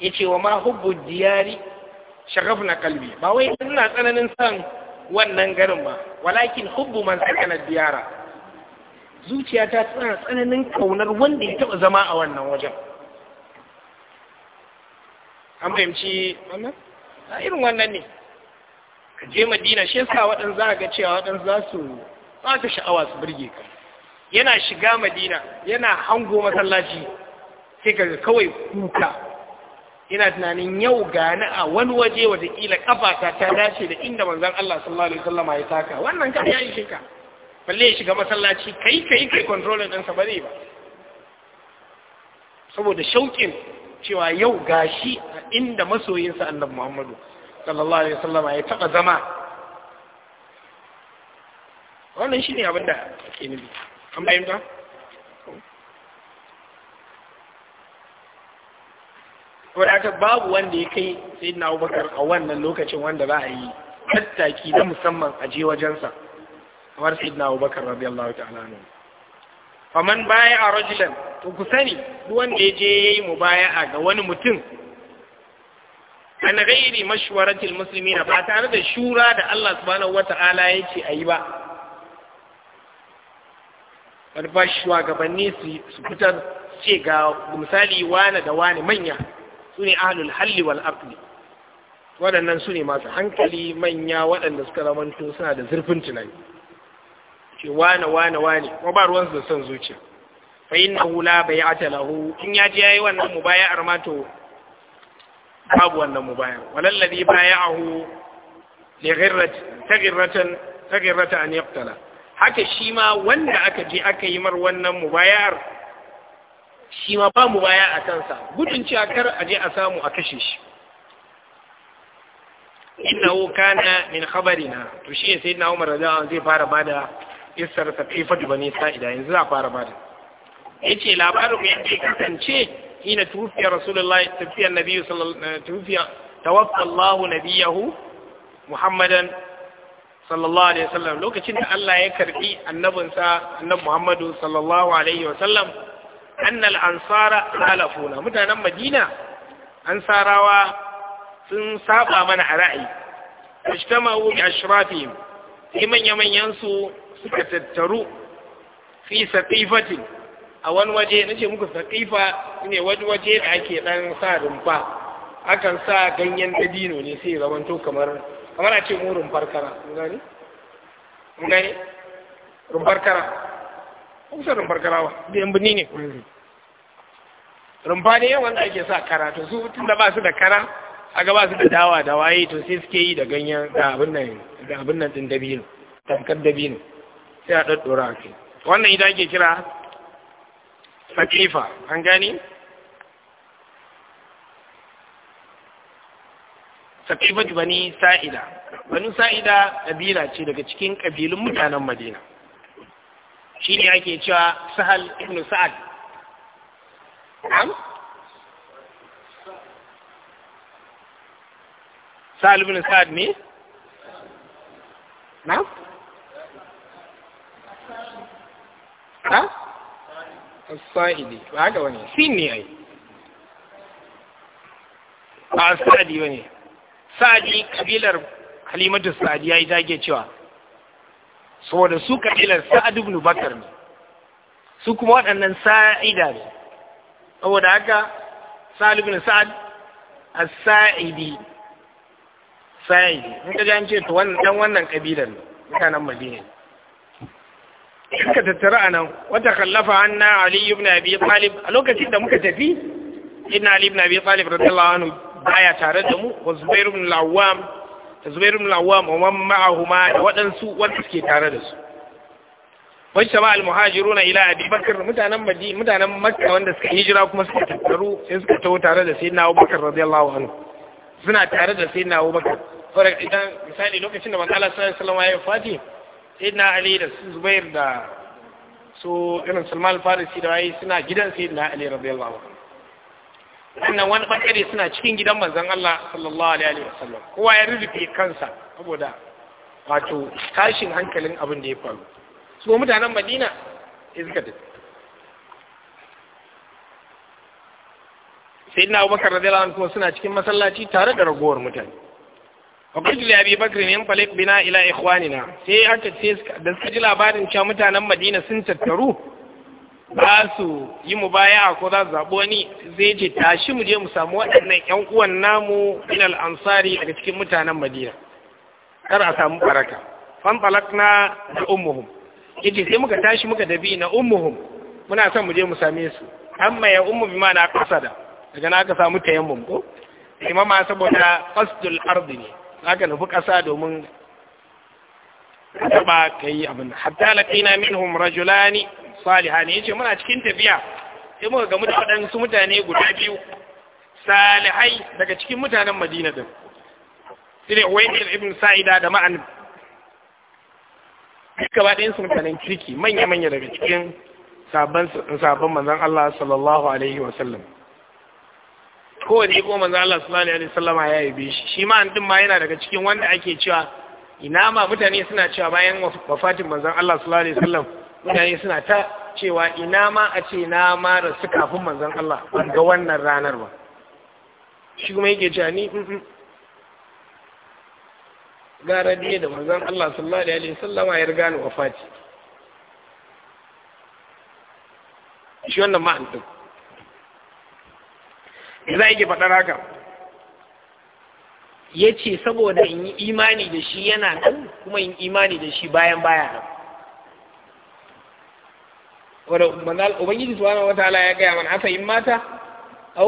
yace wa ma hubbu diyari shagafna kalbi ba wai ina tsananin san wannan garin ba walakin hubbu man sakana diyara zuciyata tana tsananin kaunar wanda ya taba zama a wannan wajen an fahimci wannan irin wannan ne ka je madina shi yasa waɗanda za ga cewa waɗanda za su ka sha'awa su birge ka yana shiga madina yana hango masallaci sai ga kawai kuka yana tunanin yau gani a wani waje kila ƙafata ta dace da inda manzon Allah sallallahu alaihi wasallam ya taka wannan ka ya ishe ka balle ya shiga masallaci kai kai kai controlling ɗinsa ba ba saboda shauƙin cewa yau gashi a inda masoyinsa annabi Muhammadu sallallahu alaihi wasallam ya taba zama wannan shine abin da ake nufi an bayyana wadda aka babu wanda ya kai sai na abubakar a wannan lokacin wanda za a yi tattaki na musamman a je wajensa kamar sai na abubakar radiyallahu ta'ala nan faman baya a rajulan to ku sani duk wanda ya je ya yi mu baya ga wani mutum an ghairi mashwaratil muslimina ba tare da shura da Allah subhanahu wata'ala yake ayi ba wani ba shugabanni su fitar ce ga misali wane da wane manya su ne ahlul halli wal aqli waɗannan su ne masu hankali manya waɗanda suka zamanto suna da zurfin tunani ce wane wane wane ko ba ruwansu da son zuciya fa innahu la bai'ata lahu in ya ji yayi wannan mubaya'ar ma to babu wannan mu bayan walalladhi bay'ahu li ghirrati taghirratan taghirrata an yaqtala haka shi ma wanda aka je aka yi mar wannan mubayar shi ma ba mubaya a kansa gudun cewa kar a je a samu a kashe shi innahu kana min khabarina to shi sai na Umar radiyallahu zai fara bada isar ta kifa bani sa'ida yanzu za fara bada yace labarin yadda kasance hina lokacin da Allah ya karɓi annabinsa annabi Muhammadu sallallahu alaihi wasallam annal mutanen Madina ansarawa sun saba mana a ra'ayi ijtama'u bi ashrafihim sai manya manyan su suka tattaru fi saqifatin a wani waje na ce muku saƙifa ne wani waje da ake ɗan sa rumfa akan sa ganyen dabino ne sai zamanto kamar kamar a ce mu rumfar kara mun gani mun gani rumfar kara kun san rumfar kara ba da yan birni ne rumfa ne da ake sa kara to su tun da ba su da kara aga ba su da dawa da waye to sai suke yi da ganyen da abin nan da abin nan din dabino tankar dabino sai a daddora kai wannan idan ake kira sakifa an gani sakifatu bani sa'ida bani sa'ida kabila ce daga cikin kabilun mutanen madina shi ne ake cewa sahal ibn sa'ad sahal ibn sa'ad ne na? na? as ba haka bane sin ne yi. ba Sa'adi ba ne. Sa'adi kabilar halimatu ya yi dage cewa saboda su kabilar Sa'adu ibn bakar ne su kuma waɗannan sa'ida ne saboda haka sa'ad ibn sa'ad as-sa'idi sa'idi in ka ji an ce to wannan dan kabilar mutanen madina ne suka tattara a nan wata kallafa hannu ali ibn abi talib a lokacin da muka tafi inna ali ibn abi talib radiyallahu anhu baya tare da mu wa Zubairu ibn al da Zubairu ibn al-awwam wa man ma'ahuma da waɗansu wanda suke tare da su wacce ma al na ila abi bakr mutanen Madi mutanen makka wanda suka hijira kuma suka tattaru sai suka taho tare da sayyidina abubakar radiyallahu anhu suna tare da sayyidina abubakar fara idan misali lokacin da manzo Allah sallallahu alaihi wasallam ya yi fati sayyidina ali da su zubair da su irin salman farisi da wayi suna gidan sayyidina ali radiyallahu anhu wannan wani bakare suna cikin gidan manzon Allah sallallahu alaihi wa sallam kowa ya rubuce kansa saboda wato tashin hankalin abin da ya faru su mutanen Madina suka da sayyidina Abubakar radiyallahu anhu suna cikin masallaci tare da ragowar mutane fakultu da abi bakar ne falik bina ila ikhwanina sai aka ce da suka ji labarin cewa mutanen madina sun tattaru ba su yi mu baya ko za su zaɓi wani zai ce tashi mu je mu samu waɗannan ƴan uwan namu ilal ansari daga cikin mutanen madina kar a samu baraka fan falakna da ummuhum yace sai muka tashi muka dabi na ummuhum muna son mu je mu same su amma ya ummu bima na kasada daga na aka samu tayammum ko imama saboda qasdul ardi ne za ka nufi ƙasa domin taɓa ka yi abin hatta laƙina minhum rajulani salihani ce muna cikin tafiya sai muka gamu da waɗansu mutane guda biyu salihai daga cikin mutanen madina din sire wayil ibn sa'ida da ma'an gaba ba su mutanen kirki manya-manya daga cikin sabon manzan Allah sallallahu alaihi Wasallam. kowane iko manzan Allah sallallahu alaihi wasallama ya yi shi shi ma an ma yana daga cikin wanda ake cewa ina ma mutane suna cewa bayan wafatin manzan Allah su lalai sallam mutane suna ta cewa ina ma a ce na mara su kafin manzan Allah ga wannan ranar ba shi kuma yake cewa ni mm, mm. gara diye da manzan Allah sallallahu alaihi wasallama ya riga ni wafati shi wannan ma'antin za yake faɗar haka ya ce saboda in yi imani da shi yana nan kuma in imani da shi bayan baya nan wanda ubangiji wata ala ya gaya mana asa yin mata A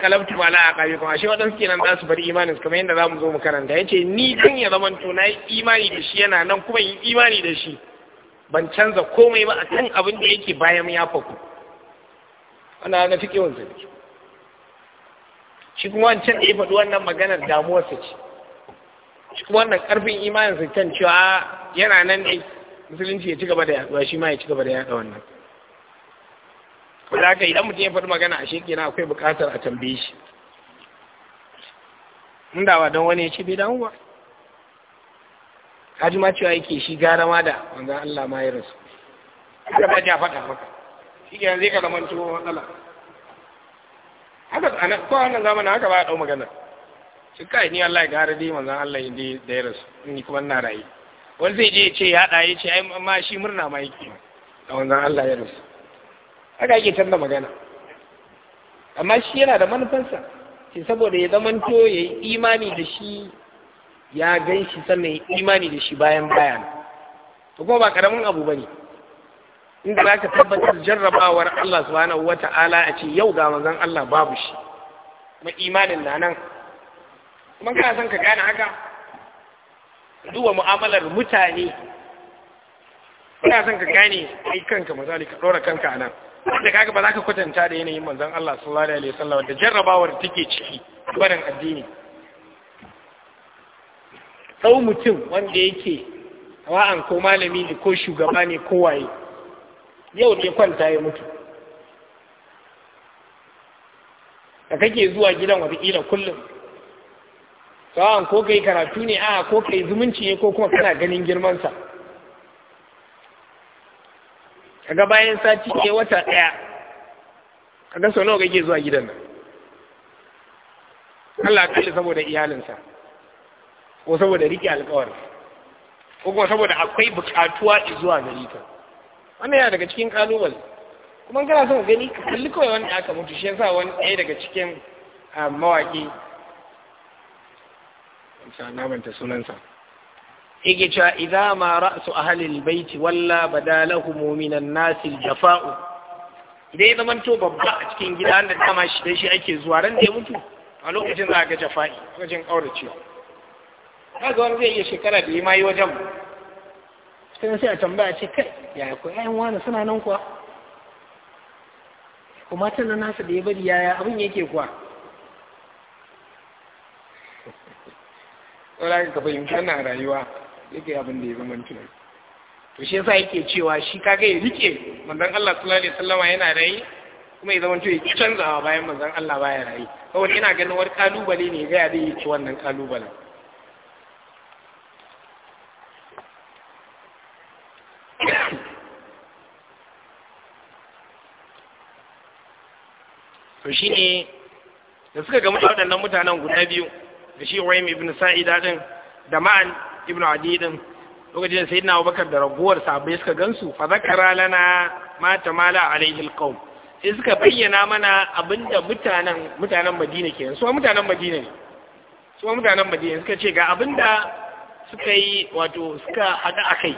kalabtu ma la'a ala kuma shi waɗansu ke nan za su bar imanin kamar yadda za mu zo mu karanta ce ni kan ya zama to yi imani da shi yana nan kuma in imani da shi ban canza komai ba a kan abin da yake bayan ya faku ana na fike zai shi kuma wancan da ya faɗi wannan maganar damuwarsa ce shi kuma wannan ƙarfin su can cewa yana nan ne musulunci ya ci gaba da yaɗuwa, shi ma ya ci gaba da yaɗa wannan da ka idan mutum ya faɗi magana a na, akwai buƙatar a tambaye shi inda ba don wani ya ce bai damu ba kaji ma cewa yake shi gara ma da wanzan Allah ma ya rasu. Kada ba ja faɗa maka. Shi ke zai ka zama tuwo matsala. haka a nan ko wannan zamanin haka ba a ɗau magana shi kai ni Allah ya gara dai manzon Allah ya dai da ya rasu ni kuma ina rayu wani zai je ya ce ya ɗaya ce ai ma shi murna ma yake da manzon Allah ya rasu haka yake canza magana amma shi yana da manufansa shi saboda ya zamanto ya yi imani da shi ya gan shi sannan ya imani da shi bayan bayan to kuma ba karamin abu ba ne inda za ka tabbatar jarrabawar Allah subhanahu wa ta'ala a ce yau ga manzon Allah babu shi kuma imanin na nan kuma ka son ka gane haka duba mu'amalar mutane kana son ka gane kai kanka misali ka ɗora kanka a nan da kaga ba za ka kwatanta da yanayin mazan Allah sallallahu alaihi wasallam da jarrabawar take ciki barin addini Ɗau mutum wanda yake wa'an ko malami ne ko shugaba ne ko waye yau ne kwanta ya mutu da kake zuwa gidan wataƙila kullum tsawon ko kai karatu ne a ko kai zumunci ne ko kuma kana ganin girmansa kaga bayan sati ke wata ɗaya kaga sau nawa kake zuwa gidan nan Allah kalli saboda iyalinsa ko saboda riƙe alkawar ko kuma saboda akwai buƙatuwa zuwa gari ta wannan yana daga cikin kalubal kuma kana son gani ka kalli kawai wani aka mutu shi yasa wani ɗaya daga cikin ah, mawaƙi na manta sunansa yake cewa idza ma ra'su ahlil baiti walla badalahum minan nasi jafa'u idan ya zama to babba a cikin gida da dama shi dai shi ake zuwa ran da ya mutu a lokacin za ga jafa'i lokacin kaurace kaga wani zai iya shekara da ya mai wajen sai sai a tambaya ce kai yi kuwa ‘yan wani suna nan kuwa Kuma tun da nasu da ya bari yaya abin yake kuwa wala ka fahimci wannan rayuwa yake abin da ya zama tunan to shi yasa yake cewa shi kaga ya rike manzon Allah sallallahu alaihi wasallama yana rayi kuma ya zama to ya canzawa bayan manzon Allah baya rayi saboda ina ganin wani kalubale ne ga ya zai yi ci wannan kalubalen to ne da suka gamu da waɗannan mutanen guda biyu da shi Uwaym ibn Sa'ida din da Ma'an ibn Adi din lokacin da sayyidina Abubakar da raguwar sabai suka gansu fa zakara lana ma tamala alaihi alqaum sai suka bayyana mana abinda mutanen mutanen Madina kenan su mutanen Madina ne su mutanen Madina suka ce ga abinda suka yi wato suka hada akai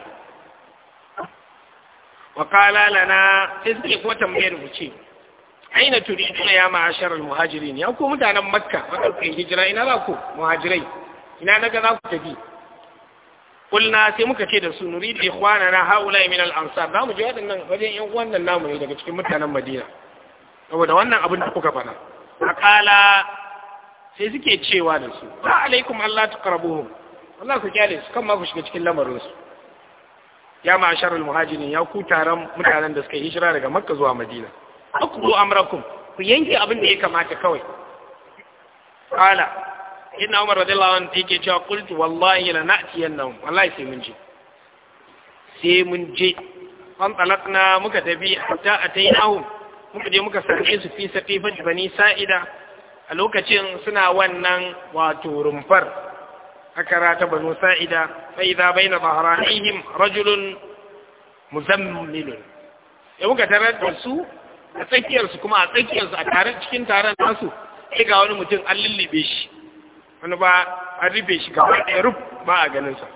wa qala lana sai suke ko tambayar mu ce aina ina ya ma'ashar al-muhajirin ya ku mutanen makka makarfin hijira ina za ku muhajirai ina daga za ku tafi kulna sai muka ce da su nuri da ikhwana na haula min al-ansar zamu je waɗannan wajen yan wannan namu ne daga cikin mutanen madina saboda wannan abin da kuka fada akala sai suke cewa da su wa alaikum allah taqrabuhum Allah ku kyale su kan ma ku shiga cikin lamarin su ya ma'ashar al-muhajirin ya ku taron mutanen da suka hijira daga makka zuwa madina akulu amrakum ku yanke abin da ya kamata kawai qala inna umar radiyallahu anhu yake cewa qultu wallahi la na'tiyannahum wallahi sai mun je sai mun je an talakna muka tafi hatta atainahum muka je muka sarke su fi saqifat bani sa'ida a lokacin suna wannan wato rumfar aka rata banu sa'ida fa na baina dhahranihim rajulun muzammilun ya muka tarar da su a tsakiyarsu kuma a tsakiyarsu a taron cikin taron nasu sai ga wani mutum an lullube shi wani ba an rufe shi gaba ɗaya ruf ba a ganinsa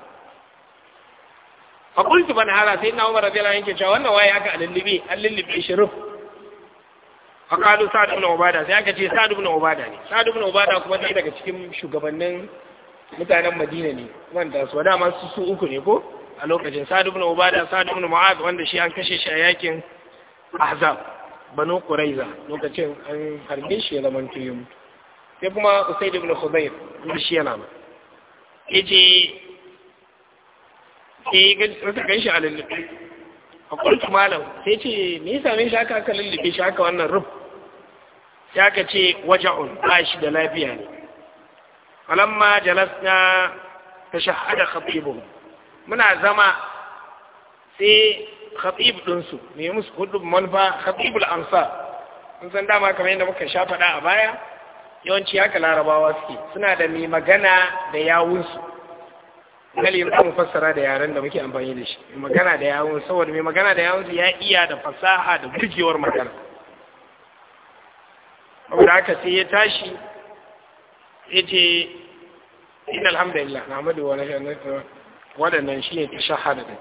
a kultu ban hara sai na umar radiyallahu yanke cewa wannan waye aka lullube an lullube shi ruf a kalu sa'ad ibn ubada sai aka ce sa'ad ibn ubada ne sa'ad ibn ubada kuma dai daga cikin shugabannin mutanen madina ne wanda su wada masu su uku ne ko a lokacin sa'ad ibn ubada sa'ad ibn mu'adh wanda shi an kashe shi a yakin ahzab banu ƙuraiza lokacin an harbe shi ya zama mutu. sai kuma usaid ibn khuzair shi yana nan yace ki ga kan shi a lullubi a kurtu malam sai ce ni same shi shaka aka lullube shi haka wannan rub sai aka ce waja'un ba shi da lafiya ne falamma jalasna tashahhada khatibuhum muna zama sai khatib ɗinsu ne musu hudu manufa khatibul amsa Mun san dama kamar yadda muka sha faɗa a baya yawanci haka larabawa suke suna da mai magana da yawunsu gali za mu fassara da yaren da muke amfani da shi mai magana da yawun saboda mai magana da yawunsu ya iya da fasaha da burgewar magana saboda haka sai ya tashi ya ce in alhamdulillah na amadu wa waɗannan shi ne ta shahada da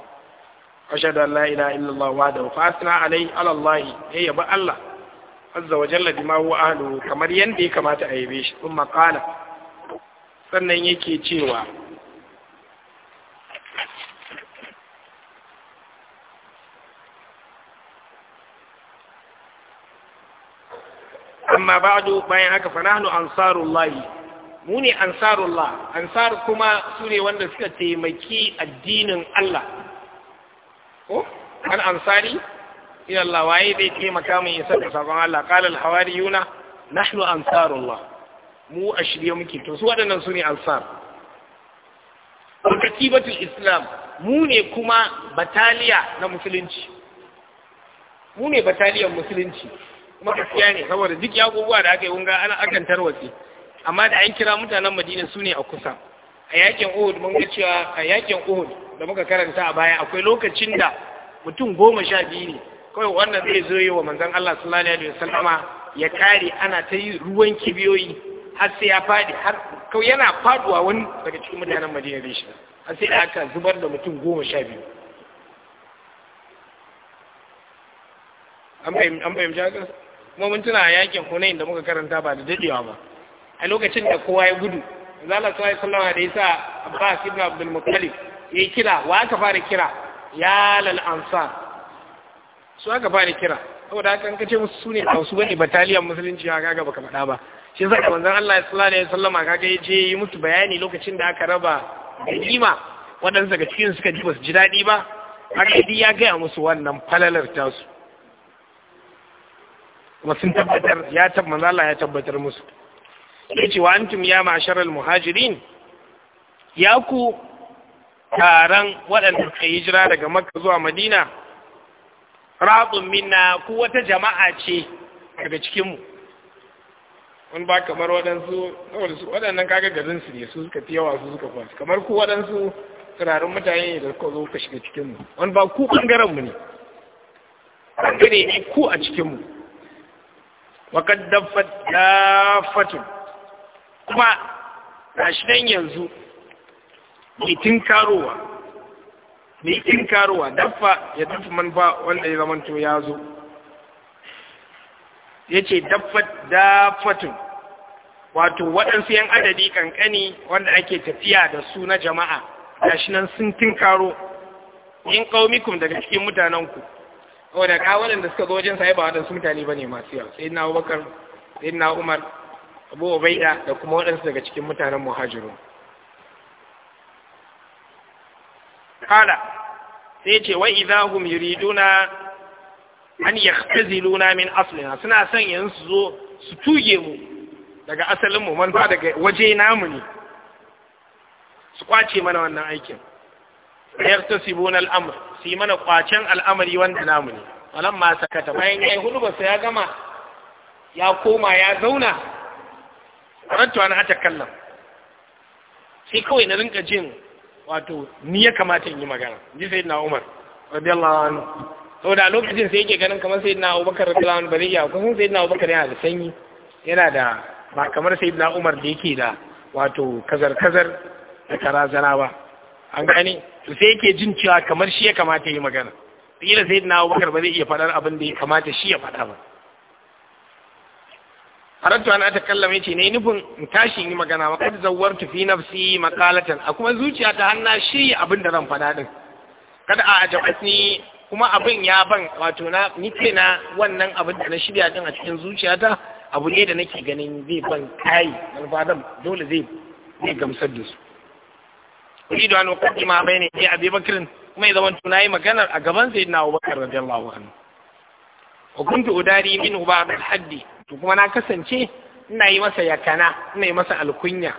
ashhadu an la illallah wa da fa asna alai ala allah ya yaba allah azza wa jalla bima huwa ahlu kamar yadda ya kamata a yabe shi Sun qala sannan yake cewa amma ba'du bayan haka fa nahnu ansarullah mu ne ansarullah ansar kuma su ne wanda suka taimaki addinin Allah ko an ansari ila Allah waye zai taimaka mu isa da sabon Allah qala al-hawariyuna nahnu ansarullah mu a muke to su waɗannan su ne ansar katibatul islam mu ne kuma bataliya na musulunci mu ne bataliyar musulunci kuma gaskiya ne saboda duk ya da aka yi wunga ana akan tarwatsi amma da an kira mutanen madina su ne a kusa a yakin Uhud mun ga cewa a yakin Uhud da muka karanta a baya akwai lokacin da mutum goma sha biyu ne kawai wannan zai zo yi wa manzan Allah sallallahu alaihi wasallama ya kare ana ta yi ruwan kibiyoyi har sai ya fadi har kawai yana faduwa wani daga cikin mutanen Madina da shi har sai da aka zubar da mutum goma sha biyu an fahimci haka kuma mun tuna yakin Hunain da muka karanta ba da dadewa ba a lokacin da kowa ya gudu zala sallallahu sallawa da isa Abbas ibn Abdul Muttalib yayi kira wa aka fara kira ya lal ansar su aka fara kira saboda da aka kace musu sune ba su bane bataliyan musulunci haka ga baka faɗa ba shi yasa da manzon Allah sallallahu alaihi wasallam kaga yaje yi musu bayani lokacin da aka raba ganima waɗansu daga cikin suka ji basu ji daɗi ba haka dai ya gaya musu wannan falalar tasu kuma sun tabbatar ya tabbatar ya tabbatar musu ya ce wa antum ya al muhajirin ya ku taron waɗanda ka yi jira daga makka zuwa madina ratsun minna ku wata jama'a ce daga cikinmu wani ba kamar waɗansu waɗannan kaga garinsu ne su suka fi yawa su suka kwasu kamar ku waɗansu turarin mutane ne da suka zo ka shiga cikinmu wani ba ku ɓangarenmu ne ɓangare ne ku a cikinmu wa kaddafat dafatun kuma gashi nan yanzu mai tinkarowa mai tinkarowa dafa ya dafa ba wanda ya zamanto ya zo ya ce dafatun wato waɗansu yan adadi ƙanƙani wanda ake tafiya da su na jama'a gashi nan sun tinkaro in ƙaumikun daga cikin mutanenku wadda ka da suka zo wajen yi ba waɗansu mutane ba ne masu yau, sai na wakar sai na umar abu ubaida da kuma waɗansu daga cikin mutanen muhajirun kala sai ce wa idahum yuriduna an yaktaziluna min aslina suna son yanzu su zo su tuge mu daga asalin mu ba daga waje namu ne su kwace mana wannan aikin yaktasibuna al'amr su yi mana kwacen al'amari wanda namu ne masu sakata bayan ya yi hulubarsa ya gama ya koma ya zauna farantu ana hata kallon sai kawai na rinka jin wato ni ya kamata in yi magana ji sai na umar radiyallahu anhu sau da lokacin sai yake ganin kamar sai na abubakar radiyallahu anhu ba zai iya kusan sai na abubakar yana da sanyi yana da ba kamar sai na umar da yake da wato kazar-kazar da karazana ba an gani su sai yake jin cewa kamar shi ya kamata yi magana kila sai na abubakar ba zai iya faɗar abin da ya kamata shi ya faɗa ba aradtu an atakallama yace ne nufin in tashi yi magana wa kad zawwartu fi nafsi maqalatan a kuma zuciya ta hanna shi abin da zan fada din kada a ajabatni kuma abin ya ban wato na ni na wannan abin da na shirya din a cikin zuciyata abu ne da nake ganin zai ban kai alfadan dole zai zai gamsar da su ma an ne, bayna abi bakrin kuma ya zaman tunayi maganar a gaban sayyidina Abubakar radiyallahu anhu hukunta kuntu udari min ba'd al-haddi to kuma na kasance ina yi masa yakana ina yi masa alkunya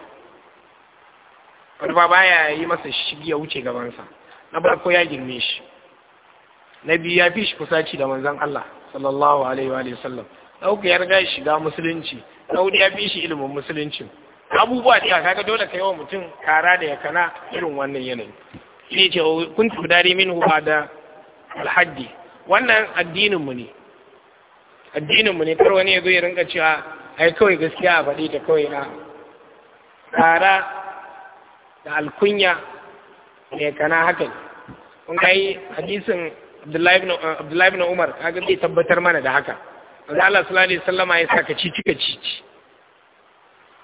wani ba baya yi masa shigiya ya wuce gabansa na farko ya girme shi na biyu ya fi shi kusaci da manzon Allah sallallahu alaihi wa sallam na uku ya riga shiga musulunci na hudu ya fi shi ilimin musulunci abubuwa da kaga dole ka yi wa mutum kara da yakana irin wannan yanayi shi ne ce kun tudari min ba da alhaddi wannan addininmu ne addinin mu ne kar wani ya zo ya rinka cewa ai kawai gaskiya a faɗi ta kawai na tsara da alkunya ne kana haka ne kun kai hadisin Abdullahi ibn Umar kaga zai tabbatar mana da haka manzo Allah sallallahu alaihi wasallama ya saka cici cici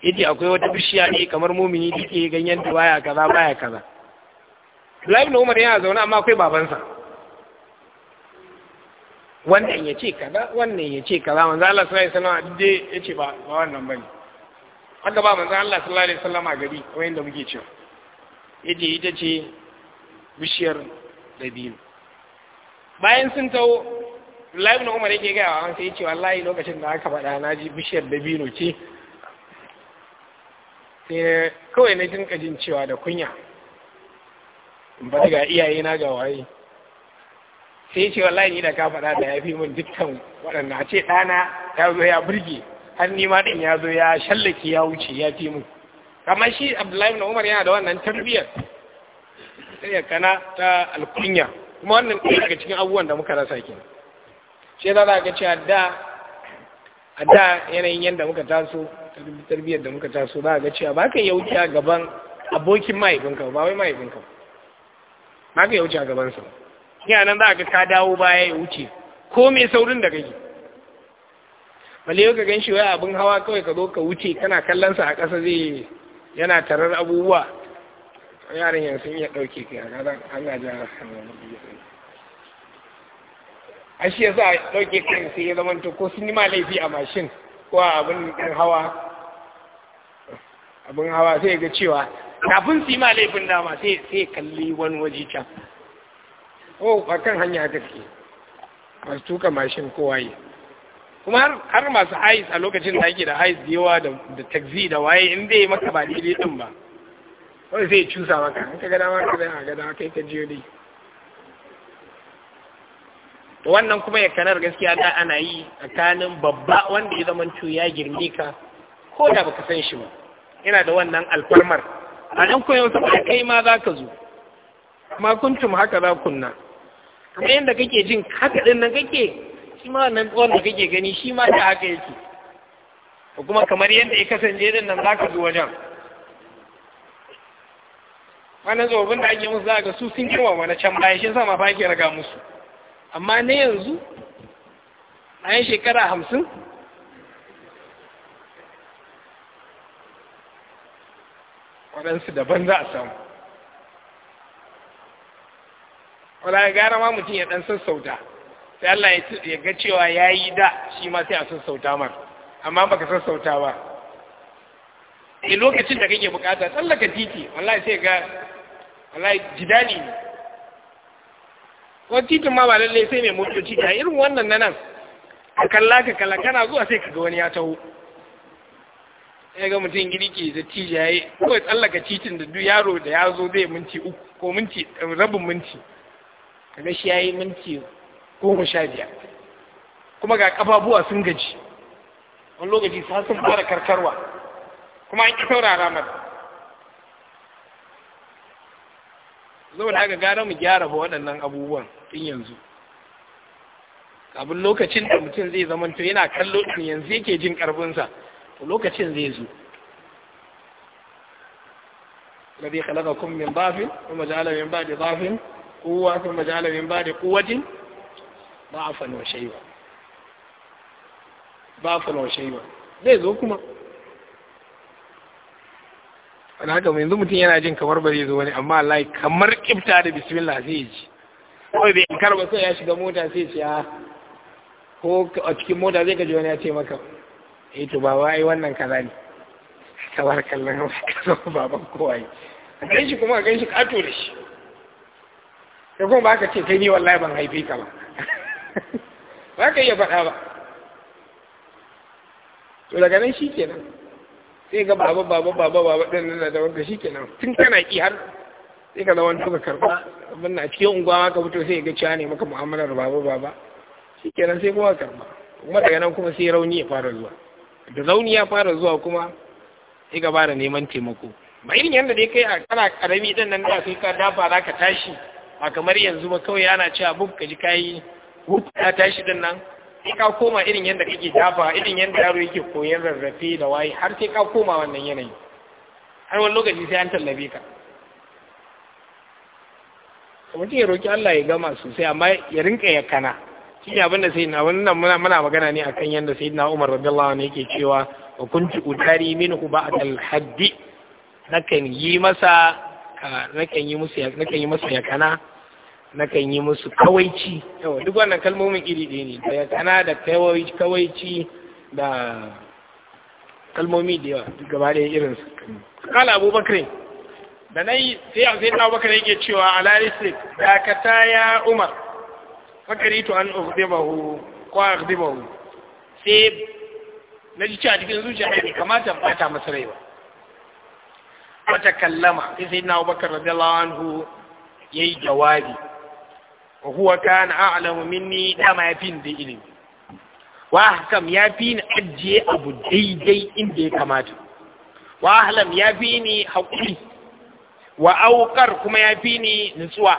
yace akwai wata bishiya ne kamar mumini ke ganyen da baya kaza baya kaza Abdullahi ibn Umar yana zaune amma akwai babansa wannan ya ce kaza wannan ya ce kaza manzo Allah sallallahu alaihi wasallam dai ya ce ba ba wannan bane haka ba manzo Allah sallallahu alaihi wasallam gari kamar yadda muke cewa yace ita ce bishiyar dabino bayan sun tawo Allah ibn Umar yake gaya wa sai yace wallahi lokacin da aka faɗa na ji bishiyar dabino ce sai kawai na jinka jin cewa da kunya in ba ga iyaye na ga waye sai ce wallahi ni da ka faɗa da ya fi min dukkan waɗanda a ce ɗana ya zo ya burge har ni ma ɗin ya zo ya shallake ya wuce ya fi min kamar shi abdullahi ibn umar yana da wannan tarbiyyar sai kana ta alkunya kuma wannan ɗin daga cikin abubuwan da muka rasa ke shi za ka ce da a da yanayin yadda muka taso tarbiyyar da muka taso za ga cewa ba ka ya wuce a gaban abokin mahaifinka ba wai mahaifinka ba ka ya wuce a gabansa yana nan za ga ka dawo baya ya wuce ko mai saurin da gaji bale ka gan shi wai abin hawa kawai ka zo ka wuce kana kallon sa a ƙasa zai yana tarar abubuwa yaran yan sun iya ɗauke ka yana zan an gaji a a shi ya sa ɗauke ka sai ya zama ko sun yi ma laifi a mashin ko a abin ɗan hawa abin hawa sai ga cewa kafin su yi ma laifin dama sai kalli wani waje can ko a kan hanya take masu tuka mashin kowaye kuma har masu ice a lokacin da ake da ice da yawa da taxi da waye in zai maka ba daidai din ba wani zai cusa maka in ka gada maka zai a gada kai ka jiyo dai wannan kuma ya kanar gaskiya da ana yi tsakanin babba wanda ya zamanto ya girme ka ko da baka san shi ba Ina da wannan alfarmar a nan yau sa kai ma za ka zo ma kuntum haka za kunna kamar yadda kake jin haka ɗin nan kake shi ma nan tsohon da kake gani shi ma ta haka yake kuma kamar yadda ya kasance ɗin nan za ka zo wajen wannan tsohon da ake musu za ga su sun kirwa wani can bayan shi sama ba ke raga musu amma na yanzu bayan shekara hamsin waɗansu daban za a samu wala gara ma mutum ya dan sassauta sai Allah ya ga cewa yayi da shi ma sai a sassauta ma amma baka sassauta ba a lokacin da kake bukata tsallaka titi wallahi sai ga wallahi jidali ne wani titin ma ba lalle sai mai motoci ta irin wannan na nan a kalla ka kalla kana zuwa sai ka ga wani ya taho ya ga mutum girki da tijaye kawai tsallaka titin da duk yaro da ya zo zai minti uku ko minti rabin minti kaga shi yayi minti goma sha biyar kuma ga kafafuwa sun gaji wani lokaci sa sun fara karkarwa kuma an ki ramar mata da haka gara mu gyara ba waɗannan abubuwan tun yanzu abin lokacin da mutum zai zama to yana kallo in yanzu yake jin ƙarfinsa to lokacin zai zo الذي خلقكم من ضعف وما جعل من بعد ضعف quwwa thumma ja'ala min ba'di quwwatin da'afan wa a da'afan wa shayba zai zo kuma an haka yanzu mutum yana jin kamar ba zai zo wani amma Allah kamar kifta da bismillah zai ji kawai bai in karba sai ya shiga mota sai ce ya, ah. ko a cikin mota zai gaji wani ya ce maka eh to baba ai wannan kaza ne kamar kallon kaza baban kowai. a kan shi kuma a kan shi kato da shi Ka kuma ba ka ce kai ni wallahi ban haife ka ba ba ka iya faɗa ba to daga nan shi kenan sai ga baba baba baba baba ɗin nan da wanka shi kenan tun kana ki har sai ka zama tuka karɓa abin na cikin unguwa ka fito sai ga cewa ne maka mu'amalar baba baba shi kenan sai kuma karɓa kuma daga nan kuma sai rauni ya fara zuwa da rauni ya fara zuwa kuma sai ka fara neman taimako ba irin yadda dai kai a kana karami ɗin nan da sai ka dafa za ka tashi ba kamar yanzu ba kawai ana cewa buf ka ji kayi buf ya tashi din nan sai ka koma irin yadda kake dafa irin yadda yaro yake koyon rarrafe da waye har sai ka koma wannan yanayi har wani lokaci sai an tallabe ka kuma ke roƙi Allah ya gama sosai amma ya rinka ya kana shi ne abinda sai na wannan muna muna magana ne akan yadda sai na Umar radiyallahu anhu yake cewa wa kuntu utari minhu ba'd al-haddi nakan yi masa nakan yi nakan yi masa ya kana nakan yi musu kawaici yawa duk wannan kalmomin iri ɗaya ne da kana da kawaici da kalmomi da yawa duk gaba ɗaya irin su kala abubakar da na yi sai a sai abubakar yake cewa a risik dakata ya umar fakari to an ukhdibahu ko hu? sai na ji cewa cikin zuciya mai kamata bata masu rai ba wata kallama sai sai na abubakar radiyallahu anhu ya yi jawabi wa huwa kana a'lamu minni dama ya fi da ilimi wa ahkam ya fi ni ajiye abu daidai inda ya kamata wa ahlam ya fi ni haƙuri wa aukar kuma ya fi ni nutsuwa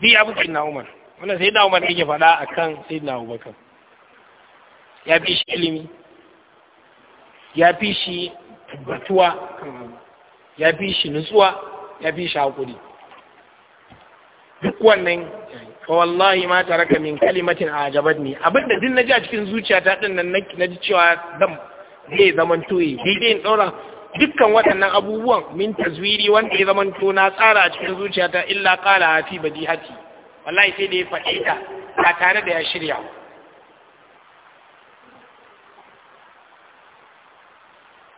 bi abu na umar wannan sai na umar yake faɗa akan sai na abubakar ya fi shi ilimi ya fi shi tabbatuwa ya fi shi nutsuwa ya fi shi haƙuri duk wannan wallahi ma ka min kalimatin a ne. abinda din ji a cikin zuciyata ɗin nan ji cewa dam zai zaman toye eh, daidai in ɗaura dukkan waɗannan abubuwan min tazwiri wanda ya zaman to na tsara a cikin zuciyata illa qala hafi badihati wallahi sai da ya faɗi ta ba tare da ya shirya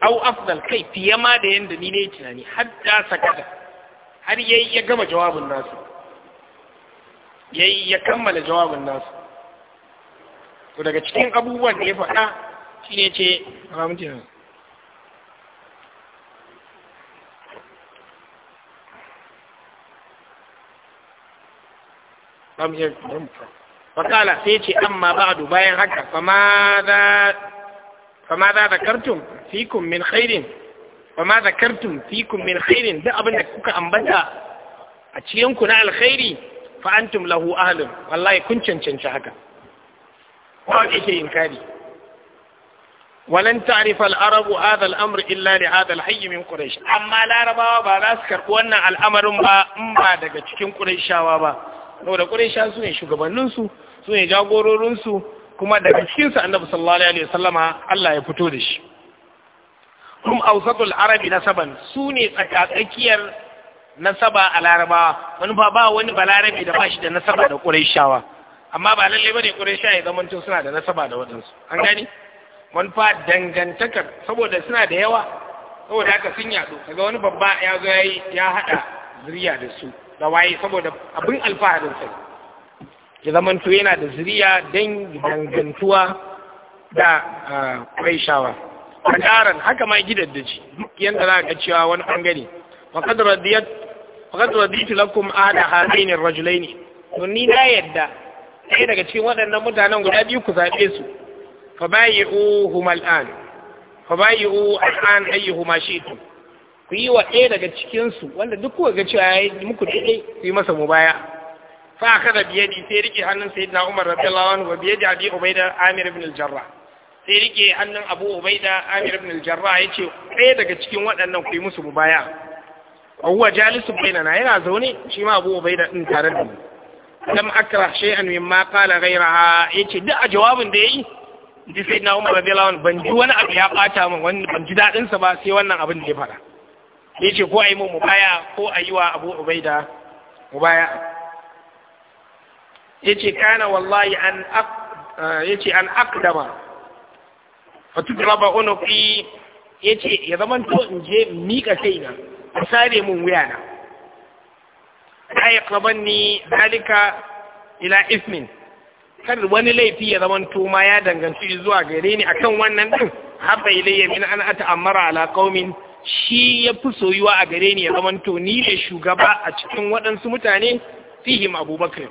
au afdal kai fiye ma da yanda ni ne tunani har da sakata har yayi ya gama jawabin nasu yayi ya kammala jawabin nasu to daga cikin abubuwan da ya faɗa shi ne ce ramtina fakala sai ce amma ba'du bayan haka fama za kartun fikun min khairin fama kartun fikun min khairin duk abin da kuka ambata a cikinku na alkhairi Fa'antum lahu ahalin, wallahi kun cancanci haka wa yake yin kari. ta'rifa al-arabu hadha al illa da hadha al-hayy min amma larabawa ba za su karbi wannan al'amarin ba in ba daga cikin quraishawa ba saboda quraisha su ne shugabanninsu, su ne jagororinsu, kuma daga cikinsu su annabi sallallahu alaihi wasallama Allah ya fito da shi hum ausatul arabi nasaban su ne tsakatsakiyar nasaba a larabawa wani ba ba wani balarabe da ba shi da nasaba da ƙurayshawa amma ba lallai bane ƙurayshawa ya zamanto suna da nasaba da waɗansu an gani Wani manufa dangantakar saboda suna da yawa saboda haka sun yaɗu kaga wani babba ya zo ya haɗa zuriya da su da waye saboda abin alfaharin sai ya zamanto yana da zuriya dan dangantuwa da ƙurayshawa a ƙaran haka ma ji, duk yanda za ka cewa wani ɓangare وقد رضيت faqad raditu lakum ada hadaini rajulaini to ni na yadda sai daga cikin waɗannan mutanen guda biyu ku zaɓe su fa bayyuhuma al'an fa bayyu al'an ayyuhuma shi'tum ku yi wa ɗaya daga cikin su wanda duk kuka ga cewa yayi muku daidai ku yi masa mubaya fa akada biyadi sai rike hannun sayyidina Umar radiyallahu anhu wa biyadi Abi Ubaida Amir ibn al-Jarrah sai rike hannun Abu Ubaida Amir ibn al-Jarrah yace ɗaya daga cikin waɗannan ku yi musu mubaya huwa jalisun bainana yana zaune shi ma abu ubaida din tare da mu lam akra shay'an mimma qala ghayraha yace duk a jawabin da yayi ji sai na Umar radiyallahu anhu ban ji wani abu ya bata min wani ban ji dadin sa ba sai wannan abin da ya fara yace ko ayi mu mubaya ko ayi wa abu ubaida mubaya yace kana wallahi an aq yace an aqdama fa tudraba unqi yace ya zaman to in je mika kaina ku sare mun wuyana ayi qabanni dalika ila ismin kar wani laifi ya zaman ma ya danganci zuwa gare ni akan wannan din haba ilayya min an ata'ammara ala qaumin shi ya fi soyuwa a gare ni ya zaman ni ne shugaba a cikin waɗansu mutane fihim abubakar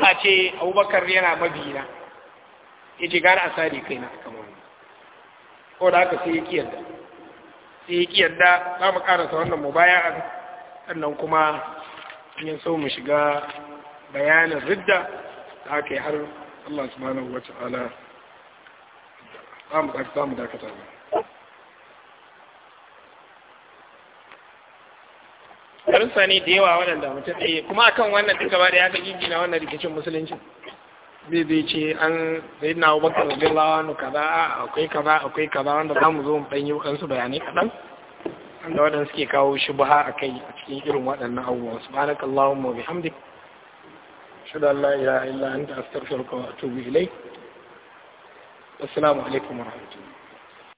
ba ce abubakar yana mabina. ya ce gara a sare na akan wannan ko da haka sai ya kiyarta sai ki yadda za mu karasa wannan mu baya sannan kuma in so mu shiga bayanin ridda da aka yi har Allah mana wa ala. za mu dakata ba. Karin Sani da yawa waɗanda mutum ɗaya kuma akan wannan duka ba da ya ka gina wannan rikicin musulunci. zai zai ce an zai na abubakar rabin lawa kaza a akwai kaza akwai kaza wanda za mu zo mu ɗanyi waɗansu bayanai kaɗan wanda waɗansu ke kawo shi shubha a kai a cikin irin waɗannan abubuwan hamdi shi da allah ya yi la'anta a starfiyar kawo a atubu ilai assalamu alaikum wa rahmatullahi